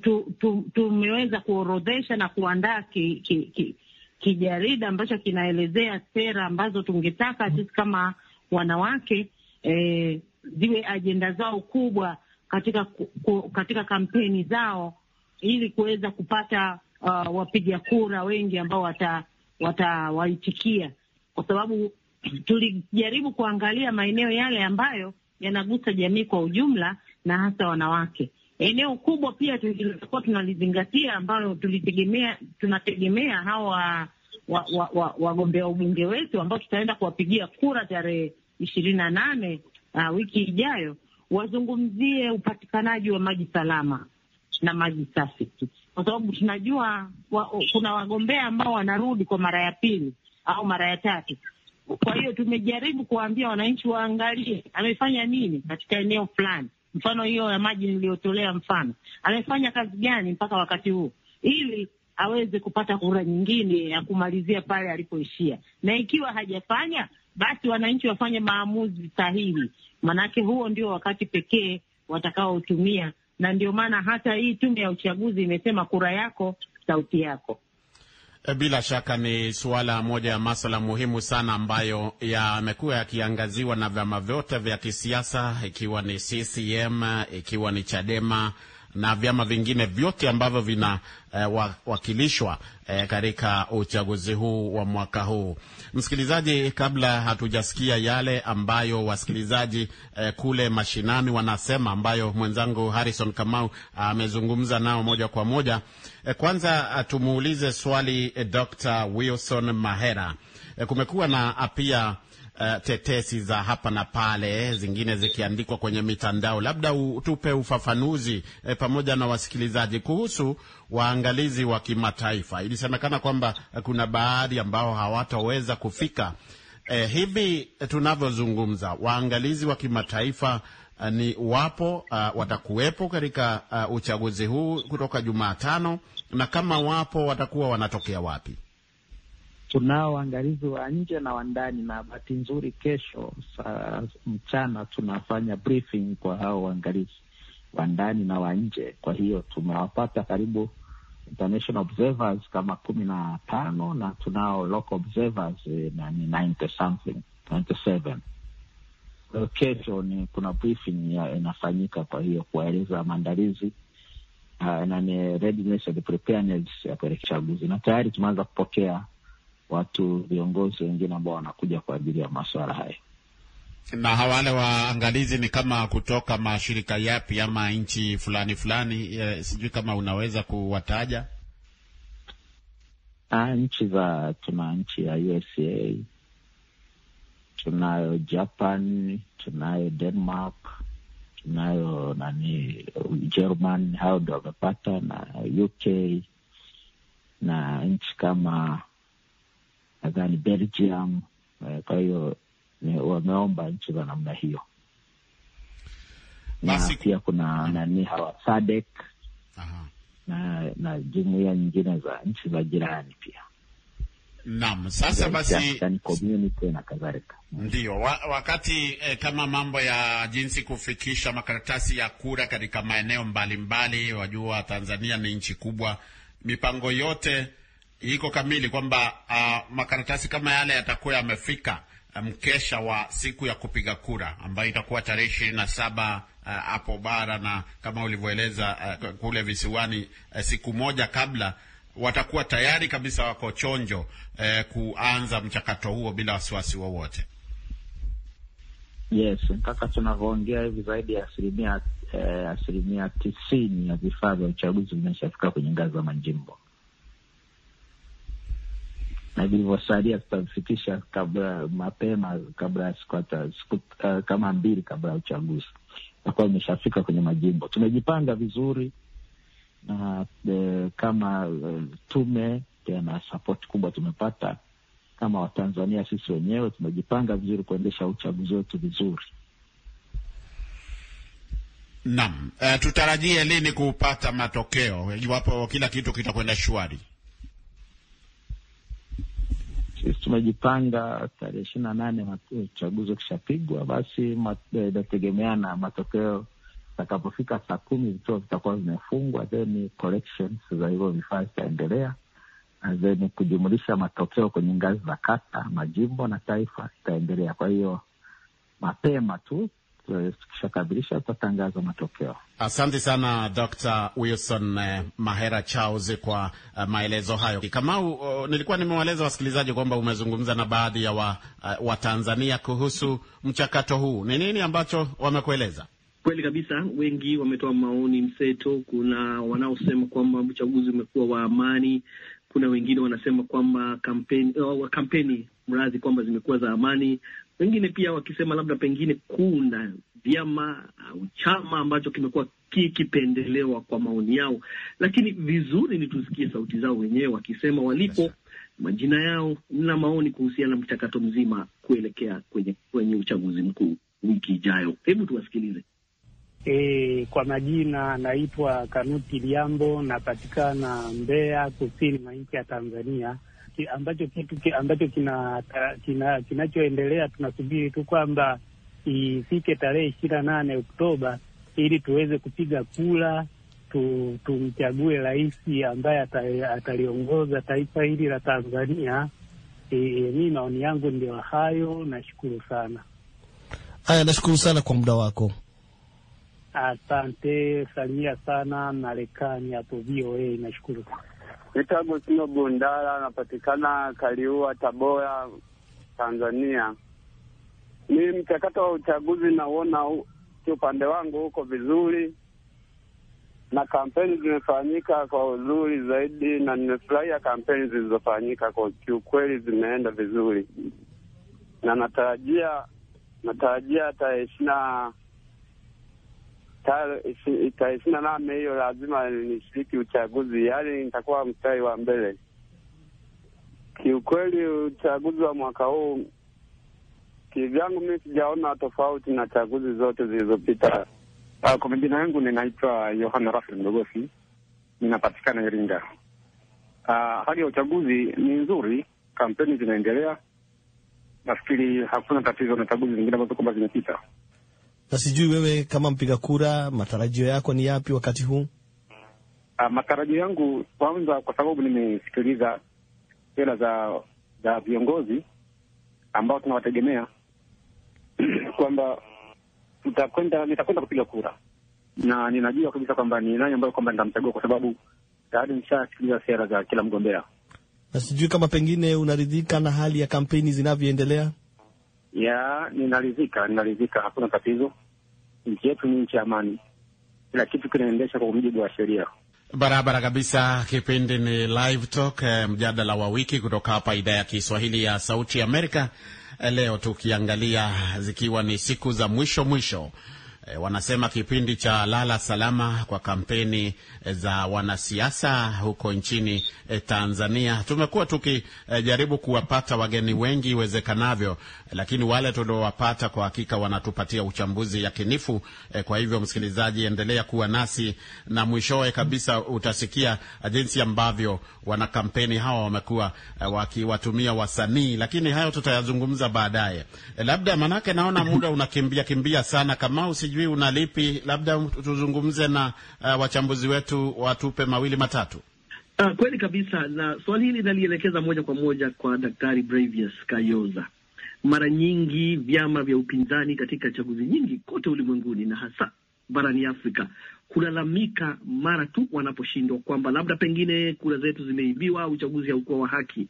tu, tu, tumeweza kuorodhesha na kuandaa kijarida ki, ki, kijarida ambacho kinaelezea sera ambazo tungetaka mhm. sisi kama wanawake eh, ziwe ajenda zao kubwa katika ku, katika kampeni zao ili kuweza kupata uh, wapiga kura wengi ambao watawaitikia wata, kwa sababu tulijaribu kuangalia maeneo yale ambayo yanagusa jamii kwa ujumla na hasa wanawake. Eneo kubwa pia tulikuwa tunalizingatia ambalo tulitegemea tunategemea hawa wagombea wa, wa, wa ubunge wetu ambao tutaenda kuwapigia kura tarehe ishirini na nane uh, wiki ijayo wazungumzie upatikanaji wa maji salama na maji safi, kwa sababu tunajua wa, kuna wagombea ambao wanarudi kwa mara ya pili au mara ya tatu. Kwa hiyo tumejaribu kuwaambia wananchi waangalie amefanya nini katika eneo fulani mfano hiyo ya maji niliyotolea mfano, amefanya kazi gani mpaka wakati huu ili aweze kupata kura nyingine ya kumalizia pale alipoishia, na ikiwa hajafanya basi wananchi wafanye maamuzi sahihi, manake huo ndio wakati pekee watakaotumia, na ndio maana hata hii tume ya uchaguzi imesema kura yako sauti yako. Eh, bila shaka ni suala moja ya maswala muhimu sana ambayo yamekuwa yakiangaziwa na vyama vyote vya kisiasa, ikiwa ni CCM, ikiwa ni Chadema na vyama vingine vyote ambavyo vinawakilishwa eh, eh, katika uchaguzi huu wa mwaka huu. Msikilizaji, kabla hatujasikia yale ambayo wasikilizaji eh, kule mashinani wanasema, ambayo mwenzangu Harrison Kamau ah, amezungumza nao moja kwa moja eh, kwanza ah, tumuulize swali eh, Dr. Wilson Mahera. Eh, kumekuwa na pia uh, tetesi za hapa na pale, zingine zikiandikwa kwenye mitandao. Labda utupe ufafanuzi eh, pamoja na wasikilizaji kuhusu waangalizi wa kimataifa. Ilisemekana kwamba eh, kuna baadhi ambao hawataweza kufika. Eh, hivi tunavyozungumza waangalizi wa kimataifa eh, ni wapo uh, watakuwepo katika uh, uchaguzi huu kutoka Jumatano, na kama wapo watakuwa wanatokea wapi? tunao waangalizi wa nje na wa ndani, na bahati nzuri kesho saa mchana tunafanya briefing kwa hao waangalizi wa ndani na wa nje. Kwa hiyo tumewapata karibu international observers kama kumi na tano na tunao local observers na ni 90 something 97. Kesho ni kuna briefing ya inafanyika, kwa hiyo kuwaeleza maandalizi uh, ah, na ni readiness and preparedness ya kuelekea uchaguzi, na tayari tumeanza kupokea watu viongozi wengine ambao wanakuja kwa ajili ya masuala haya. Na hawale waangalizi ni kama kutoka mashirika yapi ama nchi fulani fulani? E, sijui kama unaweza kuwataja. Ah, nchi za tuna nchi ya USA, tunayo Japan, tunayo Denmark, tunayo nani German, hao ndo wamepata na UK na nchi kama nadhani Belgium. Eh, kwa hiyo wameomba nchi za namna hiyo, na pia kuna nani hawa SADC na, na jumuia nyingine za nchi za jirani pia. Naam, sasa yaani basi ndio wa, wakati eh, kama mambo ya jinsi kufikisha makaratasi ya kura katika maeneo mbalimbali, wajua Tanzania ni nchi kubwa, mipango yote iko kamili kwamba uh, makaratasi kama yale yatakuwa yamefika ah, mkesha wa siku ya kupiga kura ambayo itakuwa tarehe ishirini na saba ah, hapo uh, bara na kama ulivyoeleza uh, kule visiwani uh, siku moja kabla watakuwa tayari kabisa, wako chonjo uh, kuanza mchakato huo bila wasiwasi wowote. Yes, mpaka tunavyoongea hivi zaidi ya asilimia eh, asilimia tisini ya vifaa vya uchaguzi vimeshafika kwenye ngazi za majimbo na vilivyosalia tutavifikisha kabla mapema, kabla ya siku hata siku uh, kama mbili kabla ya uchaguzi, takuwa imeshafika kwenye majimbo. Tumejipanga vizuri na uh, kama uh, tume na sapoti kubwa tumepata kama Watanzania sisi wenyewe tumejipanga vizuri kuendesha uchaguzi wetu vizuri. Naam, uh, tutarajie lini kupata matokeo iwapo kila kitu kitakwenda shwari? Sisi tumejipanga tarehe ishirini na nane uchaguzi ukishapigwa, basi eh, na matokeo itakapofika saa kumi vituo vitakuwa vimefungwa, then collections za hivyo vifaa zitaendelea, then kujumulisha matokeo kwenye ngazi za kata, majimbo na taifa itaendelea Kwa hiyo mapema tu tukishakamilisha tutatangaza matokeo. Asante sana Dr. Wilson eh, Mahera Charles kwa uh, maelezo hayo. Kamau, uh, nilikuwa nimewaeleza wasikilizaji kwamba umezungumza na baadhi ya wa, uh, eh, Watanzania kuhusu mchakato huu. Ni nini ambacho wamekueleza? Kweli kabisa, wengi wametoa maoni mseto. Kuna wanaosema kwamba uchaguzi umekuwa wa amani, kuna wengine wanasema kwamba kampeni, uh, kampeni mradhi kwamba zimekuwa za amani wengine pia wakisema labda pengine kuna vyama au uh, chama ambacho kimekuwa kikipendelewa kwa maoni yao, lakini vizuri ni tusikie sauti zao wenyewe wakisema walipo, majina yao na maoni kuhusiana na mchakato mzima kuelekea kwenye, kwenye uchaguzi mkuu wiki ijayo. Hebu tuwasikilize. E, kwa majina naitwa Kanuti Liambo, napatikana Mbeya, kusini mwa nchi ya Tanzania ambacho kitu ki, ambacho kina kinachoendelea kina tunasubiri tu kwamba ifike tarehe ishirini na nane Oktoba ili tuweze kupiga kura tu, tumchague rais ambaye ataliongoza taifa hili la Tanzania. E, e, mi maoni yangu ndio hayo. Nashukuru sana. Haya, nashukuru sana kwa muda wako. Asante, salimia sana Marekani hapo VOA. Nashukuru sana. Naitwa Agostino Bundala, napatikana Kaliua, Tabora, Tanzania. ni mchakato wa uchaguzi nauona upande wangu huko vizuri, na kampeni zimefanyika kwa uzuri zaidi, na nimefurahia kampeni zilizofanyika kwa kiukweli, zimeenda vizuri, na natarajia natarajia tarehe ishirini na tarehe ishirini na nane hiyo lazima nishiriki uchaguzi, yaani nitakuwa mstari wa mbele. Kiukweli uchaguzi wa mwaka huu kivyangu mi sijaona tofauti na chaguzi zote zilizopita. Uh, kwa majina yangu ninaitwa Yohana Rafael Mdogosi, ninapatikana Iringa. Uh, hali ya uchaguzi ni nzuri, kampeni zinaendelea, nafikiri hakuna tatizo na chaguzi zingine ambazo kwamba zimepita. Na sijui wewe kama mpiga kura, matarajio yako ni yapi wakati huu? Uh, matarajio yangu kwanza, kwa sababu nimesikiliza sera za za viongozi ambao tunawategemea kwamba tutakwenda, nitakwenda kupiga kura na ninajua kabisa kwamba ni nani ambayo kwamba nitamchagua kwa sababu tayari nishasikiliza sera za kila mgombea. Na sijui kama pengine unaridhika na hali ya kampeni zinavyoendelea ya ninalizika, ninalizika, hakuna tatizo. Nchi yetu ni nchi ya amani, kila kitu kinaendesha kwa mujibu wa sheria barabara kabisa. Kipindi ni Live Talk, eh, mjadala wa wiki kutoka hapa idhaa ya Kiswahili ya Sauti ya Amerika. Eh, leo tukiangalia zikiwa ni siku za mwisho mwisho E, wanasema kipindi cha lala salama kwa kampeni eh, za wanasiasa huko nchini e, Tanzania tumekuwa tukijaribu e, kuwapata wageni wengi iwezekanavyo, lakini wale tuliowapata kwa hakika wanatupatia uchambuzi yakinifu. E, kwa hivyo msikilizaji, endelea kuwa nasi na mwishowe kabisa utasikia jinsi ambavyo kampeni hawa wamekuwa e, wakiwatumia wasanii, lakini hayo tutayazungumza baadaye, e, labda manake naona muda unakimbia kimbia sana kama usiju sijui unalipi, labda tuzungumze na uh, wachambuzi wetu watupe mawili matatu. Uh, kweli kabisa, na swali hili nalielekeza moja kwa moja kwa Daktari Brevius Kayoza. Mara nyingi vyama vya upinzani katika chaguzi nyingi kote ulimwenguni na hasa barani Afrika kulalamika mara tu wanaposhindwa kwamba labda pengine kura zetu zimeibiwa, uchaguzi haukuwa wa haki.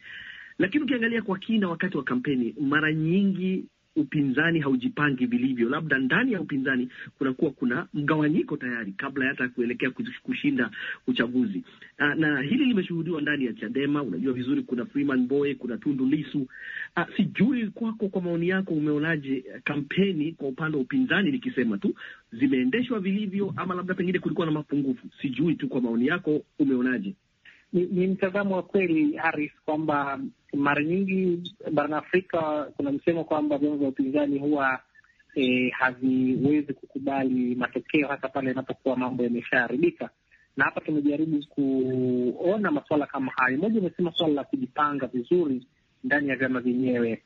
Lakini ukiangalia kwa kina, wakati wa kampeni, mara nyingi upinzani haujipangi vilivyo, labda ndani ya upinzani kunakuwa kuna mgawanyiko tayari kabla hata kuelekea kushinda uchaguzi na, na hili limeshuhudiwa ndani ya Chadema. Unajua vizuri kuna Freeman Boy, kuna Tundu Lisu. Ah, sijui kwako, kwa maoni yako umeonaje eh, kampeni kwa upande wa upinzani, nikisema tu zimeendeshwa vilivyo ama labda pengine kulikuwa na mapungufu? Sijui tu kwa maoni yako umeonaje? Ni, ni mtazamo wa kweli Haris, kwamba mara nyingi barani Afrika kuna msemo kwamba vyombo vya upinzani huwa e, haviwezi kukubali matokeo hasa pale yanapokuwa mambo yameshaharibika, na hapa tumejaribu kuona masuala kama hayo. Moja umesema suala la kujipanga vizuri ndani ya vyama vyenyewe,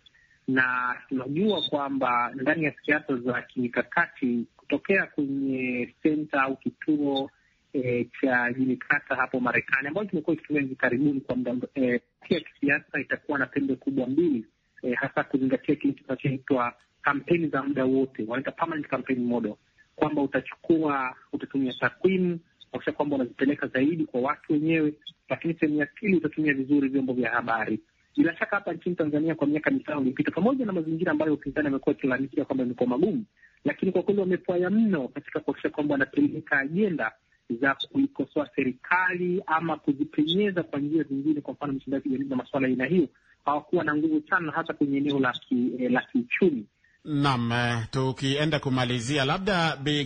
na tunajua kwamba ndani ya siasa za kimikakati kutokea kwenye senta au kituo e, cha jimikata hapo Marekani ambayo kimekuwa ikitumia hivi karibuni kwa muda e, pia kisiasa itakuwa na pembe kubwa mbili e, hasa kuzingatia kile kinachoitwa kampeni za muda wote, wanaita permanent campaign model, kwamba utachukua utatumia takwimu kuakisha kwamba unazipeleka zaidi kwa watu wenyewe, lakini sehemu ya pili utatumia vizuri vyombo vya habari. Bila shaka hapa nchini Tanzania kwa miaka mitano iliyopita, pamoja na mazingira ambayo upinzani amekuwa akilalamikia kwamba imekuwa magumu, lakini kwa kweli wamepwaya mno katika kuakisha kwamba wanapeleka ajenda za kuikosoa serikali ama kuzipenyeza kwa njia zingine, kwa mfano mitandao ya kijamii na masuala ya aina hiyo, hawakuwa na nguvu sana hata kwenye eneo la eh, kiuchumi. Naam, eh, tukienda kumalizia, labda Bi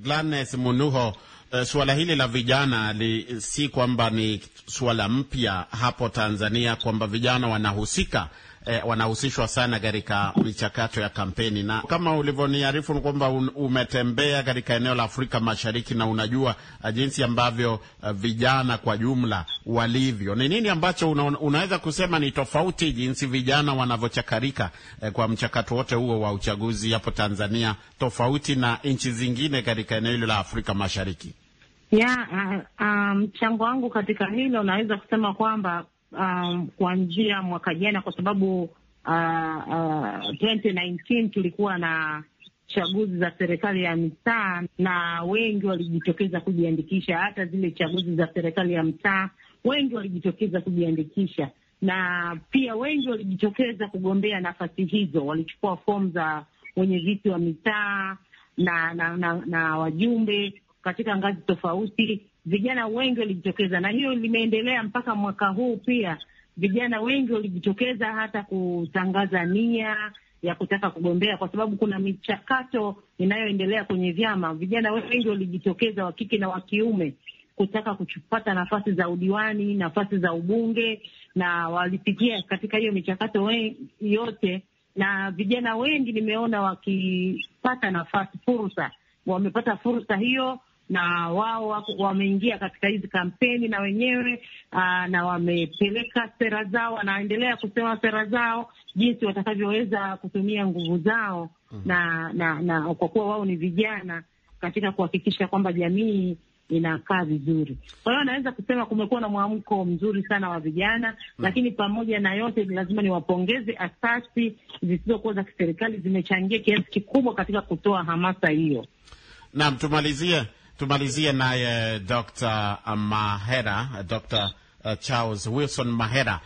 Gladness Munuho, eh, suala hili la vijana li, si kwamba ni suala mpya hapo Tanzania, kwamba vijana wanahusika eh, wanahusishwa sana katika michakato ya kampeni, na kama ulivyoniarifu kwamba umetembea katika eneo la Afrika Mashariki na unajua eh, jinsi ambavyo uh, vijana kwa jumla walivyo, ni nini ambacho una, unaweza kusema ni tofauti jinsi vijana wanavyochakarika eh, kwa mchakato wote huo wa uchaguzi hapo Tanzania tofauti na nchi zingine katika eneo hilo la Afrika Mashariki? Ya, yeah, eh, mchango um, wangu katika hilo naweza kusema kwamba um, kuanzia mwaka jana kwa sababu uh, uh, 2019 tulikuwa na chaguzi za serikali ya mitaa na wengi walijitokeza kujiandikisha. Hata zile chaguzi za serikali ya mtaa wengi walijitokeza kujiandikisha, na pia wengi walijitokeza kugombea nafasi hizo, walichukua fomu za wenyeviti wa mitaa na na, na na wajumbe katika ngazi tofauti vijana wengi walijitokeza, na hiyo limeendelea mpaka mwaka huu pia. Vijana wengi walijitokeza hata kutangaza nia ya kutaka kugombea, kwa sababu kuna michakato inayoendelea kwenye vyama. Vijana wengi walijitokeza, wa kike na wa kiume, kutaka kupata nafasi za udiwani, nafasi za ubunge, na walipitia katika hiyo michakato yote, na vijana wengi nimeona wakipata nafasi, fursa, wamepata fursa hiyo na wao wameingia katika hizi kampeni na wenyewe ah, na wamepeleka sera zao, wanaendelea kusema sera zao jinsi watakavyoweza kutumia nguvu zao mm -hmm. na, na, na kwa kuwa wao ni vijana katika kuhakikisha kwamba jamii inakaa vizuri. Kwa hiyo anaweza kusema kumekuwa na mwamko mzuri sana wa vijana mm. Lakini pamoja na yote, lazima niwapongeze asasi zisizokuwa za kiserikali, zimechangia kiasi kikubwa katika kutoa hamasa hiyo. Naam, tumalizie Tumalizie naye Dr. Mahera, Dr. Charles Wilson Mahera.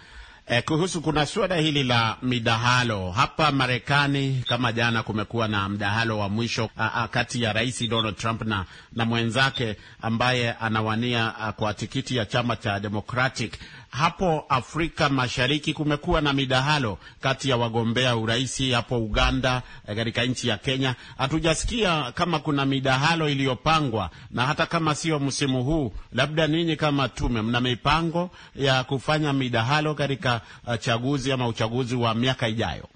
Eh, kuhusu kuna suala hili la midahalo hapa Marekani. Kama jana kumekuwa na mdahalo wa mwisho kati ya Rais Donald Trump na, na mwenzake ambaye anawania a, kwa tikiti ya chama cha Democratic hapo Afrika Mashariki kumekuwa na midahalo kati ya wagombea uraisi hapo Uganda, eh, katika nchi ya Kenya. Hatujasikia kama kuna midahalo iliyopangwa, na hata kama sio msimu huu, labda ninyi kama tume mna mipango ya kufanya midahalo katika eh, chaguzi ama uchaguzi wa miaka ijayo?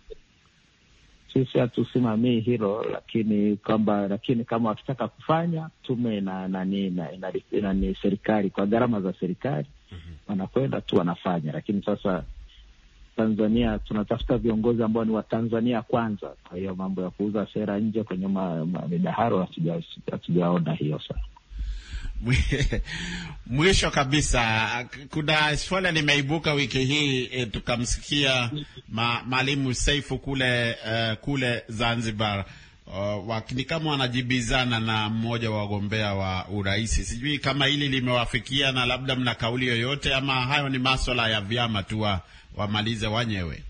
Sisi hatusimamii hilo lakini kwamba lakini kama wakitaka kufanya tume na nani na, na, na, na, na, na, na, serikali kwa gharama za serikali Mhm. wanakwenda tu wanafanya. Lakini sasa Tanzania tunatafuta viongozi ambao ni Watanzania kwanza. Kwa hiyo mambo ya kuuza sera nje kwenye midaharo hatujaona hiyo sana. Mwisho kabisa, kuna swala limeibuka wiki hii e, tukamsikia ma, Mwalimu Seifu kule, uh, kule Zanzibar uh, ni kama wanajibizana na mmoja wa wagombea wa urais. Sijui kama hili limewafikia na labda mna kauli yoyote, ama hayo ni maswala ya vyama tu wamalize wenyewe.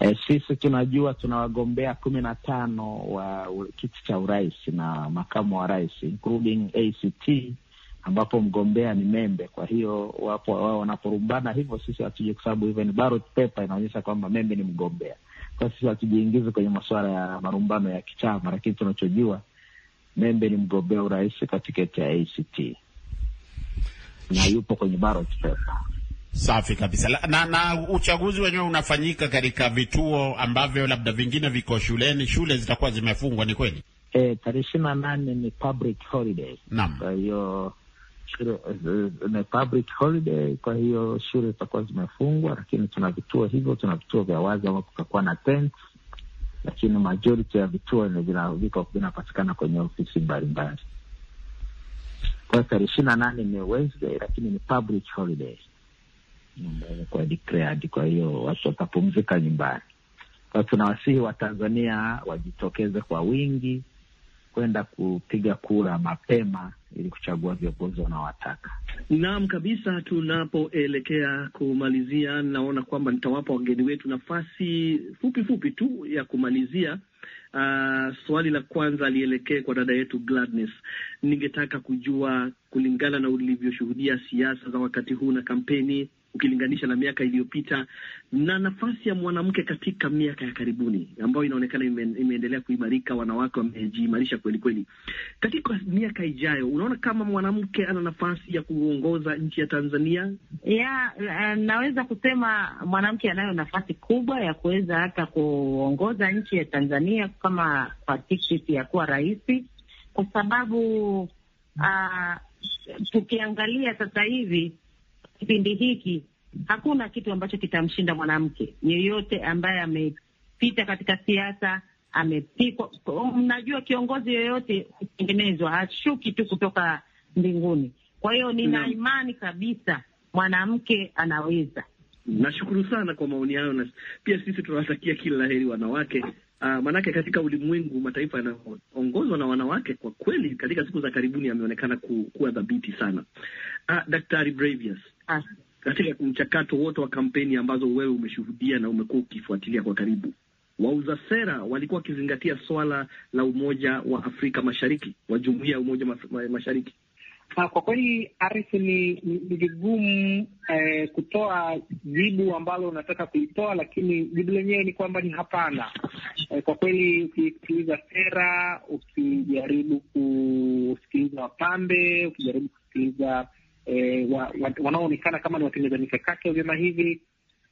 E, sisi tunajua tuna wagombea kumi na tano wa kiti cha urais na makamu wa rais including ACT ambapo mgombea ni Membe. Kwa hiyo wapo wao wanaporumbana hivyo, sisi hatuje, kwa sababu even ballot paper inaonyesha kwamba Membe ni mgombea sasa wakijiingiza kwenye masuala ya marumbano ya kichama, lakini tunachojua Membe ni mgombea urais kwa tiketi ya ACT na yupo kwenye ballot paper. Safi kabisa na, na, na uchaguzi wenyewe unafanyika katika vituo ambavyo labda vingine viko shuleni, shule zitakuwa zimefungwa, ni kweli? E, tarehe ishirini na nane ni public holiday, kwa hiyo shule eh, eh, ni public holiday, kwa hiyo shule zitakuwa zimefungwa, lakini tuna vituo hivyo, tuna vituo vya wazi ambao kutakuwa na tent, lakini majority ya vituo viko vinapatikana kwenye ofisi mbalimbali. Kwa hiyo tarehe ishirini na nane ni Wednesday, lakini ni public holiday kwa declared, kwa hiyo watu watapumzika nyumbani. Kwa tunawasihi Watanzania wajitokeze kwa wingi kwenda kupiga kura mapema ili kuchagua viongozi wanaowataka. Naam kabisa. Tunapoelekea kumalizia, naona kwamba nitawapa wageni wetu nafasi fupi fupi tu ya kumalizia. Uh, swali la kwanza lielekee kwa dada yetu Gladness. Ningetaka kujua kulingana na ulivyoshuhudia siasa za wakati huu na kampeni ukilinganisha na miaka iliyopita na nafasi ya mwanamke katika miaka ya karibuni ambayo inaonekana ime, imeendelea kuimarika. Wanawake wamejiimarisha kweli kweli. Katika miaka ijayo, unaona kama mwanamke ana nafasi ya kuongoza nchi ya Tanzania? Ya, eh, naweza kusema mwanamke anayo nafasi kubwa ya kuweza hata kuongoza nchi ya Tanzania kama kwa tikiti ya kuwa rais, kwa sababu uh, tukiangalia sasa hivi kipindi hiki hakuna kitu ambacho kitamshinda mwanamke yeyote ambaye amepita katika siasa amepikwa. Mnajua kiongozi yoyote hutengenezwa, hashuki tu kutoka mbinguni. Kwa hiyo nina no. imani kabisa mwanamke anaweza. Nashukuru sana kwa maoni hayo, na pia sisi tunawatakia kila laheri wanawake. Uh, ah, maanake katika ulimwengu mataifa yanayoongozwa na wanawake kwa kweli katika siku za karibuni yameonekana ku, kuwa dhabiti sana. Uh, Daktari Bravius katika mchakato wote wa kampeni ambazo wewe umeshuhudia na umekuwa ukifuatilia kwa karibu, wauza sera walikuwa wakizingatia swala la Umoja wa Afrika Mashariki, wa jumuia ya Umoja wa Mashariki? Ha, ah, kwa kweli Harrison, ni vigumu eh, kutoa jibu ambalo unataka kuitoa, lakini jibu lenyewe ni kwamba ni hapana. Eh, kwa kweli ukisikiliza sera, ukijaribu kusikiliza wapambe, ukijaribu kusikiliza Eh, wanaoonekana kama ni watengeneza mikakati wa vyama hivi.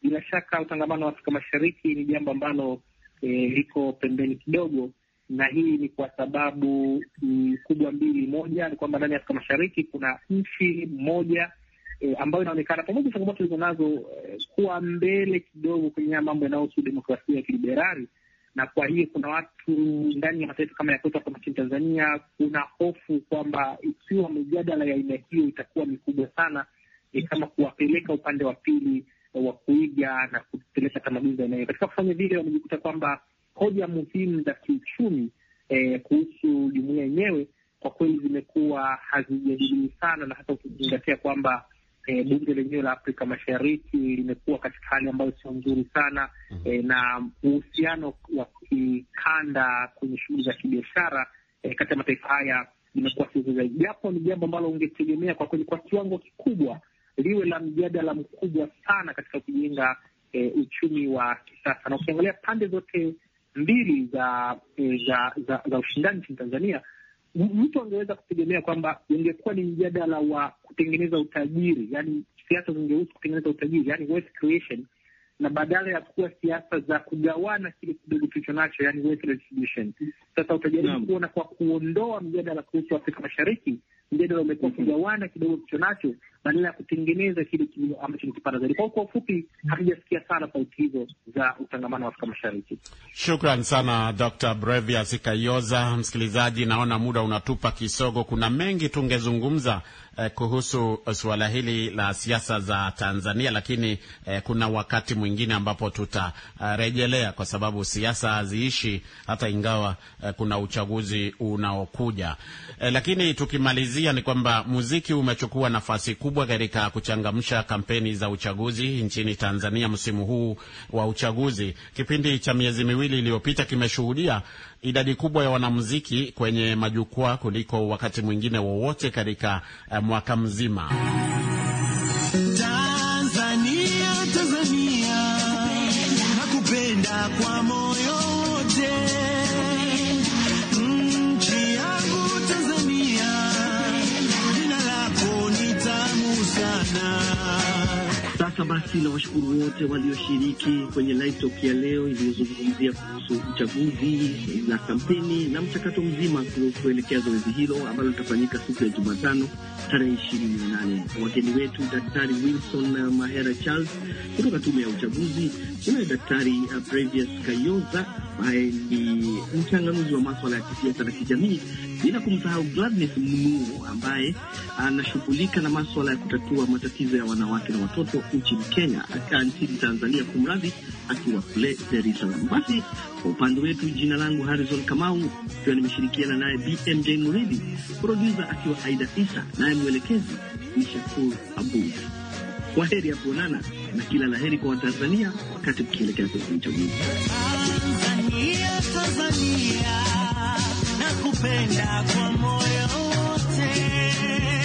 Bila shaka utangamano wa Afrika Mashariki ni jambo ambalo e, liko pembeni kidogo, na hii ni kwa sababu mm, kubwa mbili. Moja ni kwamba ndani ya Afrika Mashariki kuna nchi moja E, ambayo inaonekana pamoja changamoto tulizo nazo e, kuwa mbele kidogo kwenye mambo yanayohusu demokrasia ya kiliberali, na kwa hiyo kuna watu ndani ya mataifa kama ya kwetu hapa nchini Tanzania, kuna hofu kwamba ikiwa mijadala ya aina hiyo itakuwa mikubwa sana, ni kama kuwapeleka upande wa pili wa kuiga na kupeleka tamaduni za aina hiyo. Katika kufanya vile, wamejikuta kwamba hoja muhimu za kiuchumi eh, kuhusu jumuia yenyewe kwa kweli zimekuwa hazijadilini sana, na hata ukizingatia kwamba E, bunge lenyewe la Afrika Mashariki limekuwa katika hali ambayo sio nzuri sana mm -hmm. E, na uhusiano wa kikanda kwenye shughuli za kibiashara e, kati ya mataifa haya limekuwa si zaidi, japo ni jambo ambalo ungetegemea kwa kweli kwa kiwango kikubwa liwe la mjadala mkubwa sana katika kujenga e, uchumi wa kisasa, na ukiangalia pande zote mbili za, e, za, za, za ushindani nchini Tanzania mtu angeweza kutegemea kwamba ungekuwa ni mjadala wa kutengeneza utajiri, yani siasa zingehusu kutengeneza utajiri, yani wealth creation, na badala ya kuwa siasa za kugawana kile kidogo tulicho nacho, yani wealth redistribution. Sasa utajaribu kuona kwa kuondoa mjadala kuhusu Afrika Mashariki, mjadala umekuwa mm-hmm. kugawana kidogo tulicho nacho badala ya kutengeneza kile ambacho ni kipana zaidi. Kwa ufupi, hatujasikia sana sauti hizo za utangamano wa Afrika Mashariki. Shukran sana Dr. Brevia Kayoza. Msikilizaji, naona muda unatupa kisogo. Kuna mengi tungezungumza eh, kuhusu eh, suala hili la siasa za Tanzania, lakini eh, kuna wakati mwingine ambapo tutarejelea, kwa sababu siasa haziishi hata ingawa eh, kuna uchaguzi unaokuja. Eh, lakini tukimalizia ni kwamba muziki umechukua nafasi kubwa kubwa katika kuchangamsha kampeni za uchaguzi nchini Tanzania msimu huu wa uchaguzi. Kipindi cha miezi miwili iliyopita kimeshuhudia idadi kubwa ya wanamuziki kwenye majukwaa kuliko wakati mwingine wowote katika eh, mwaka mzima. Sasa basi, na washukuru wote walioshiriki kwenye live talk ya leo iliyozungumzia kuhusu uchaguzi na kampeni na mchakato mzima kuelekea zoezi hilo ambalo litafanyika siku ya Jumatano tarehe ishirini na nane. Wageni wetu Daktari Wilson Mahera Charles kutoka tume ya uchaguzi, kunaye Daktari Brevius Kayoza ambaye ni mchanganuzi wa maswala ya kisiasa na kijamii bila kumsahau Gladness Mnuo ambaye anashughulika na maswala ya kutatua matatizo ya wanawake na watoto nchini Kenya, nchini Tanzania, kumradhi, akiwa kule Dar es Salaam. Basi kwa upande wetu, jina langu Harrison Kamau, ikiwa nimeshirikiana naye BMJ Muridi, produsa akiwa Aida Isa, naye mwelekezi ni Shakur Abud. Kwa heri ya kuonana na kila la heri kwa Watanzania wakati mkielekea kwenye uchaguzi. nakupenda kwa moyo wote.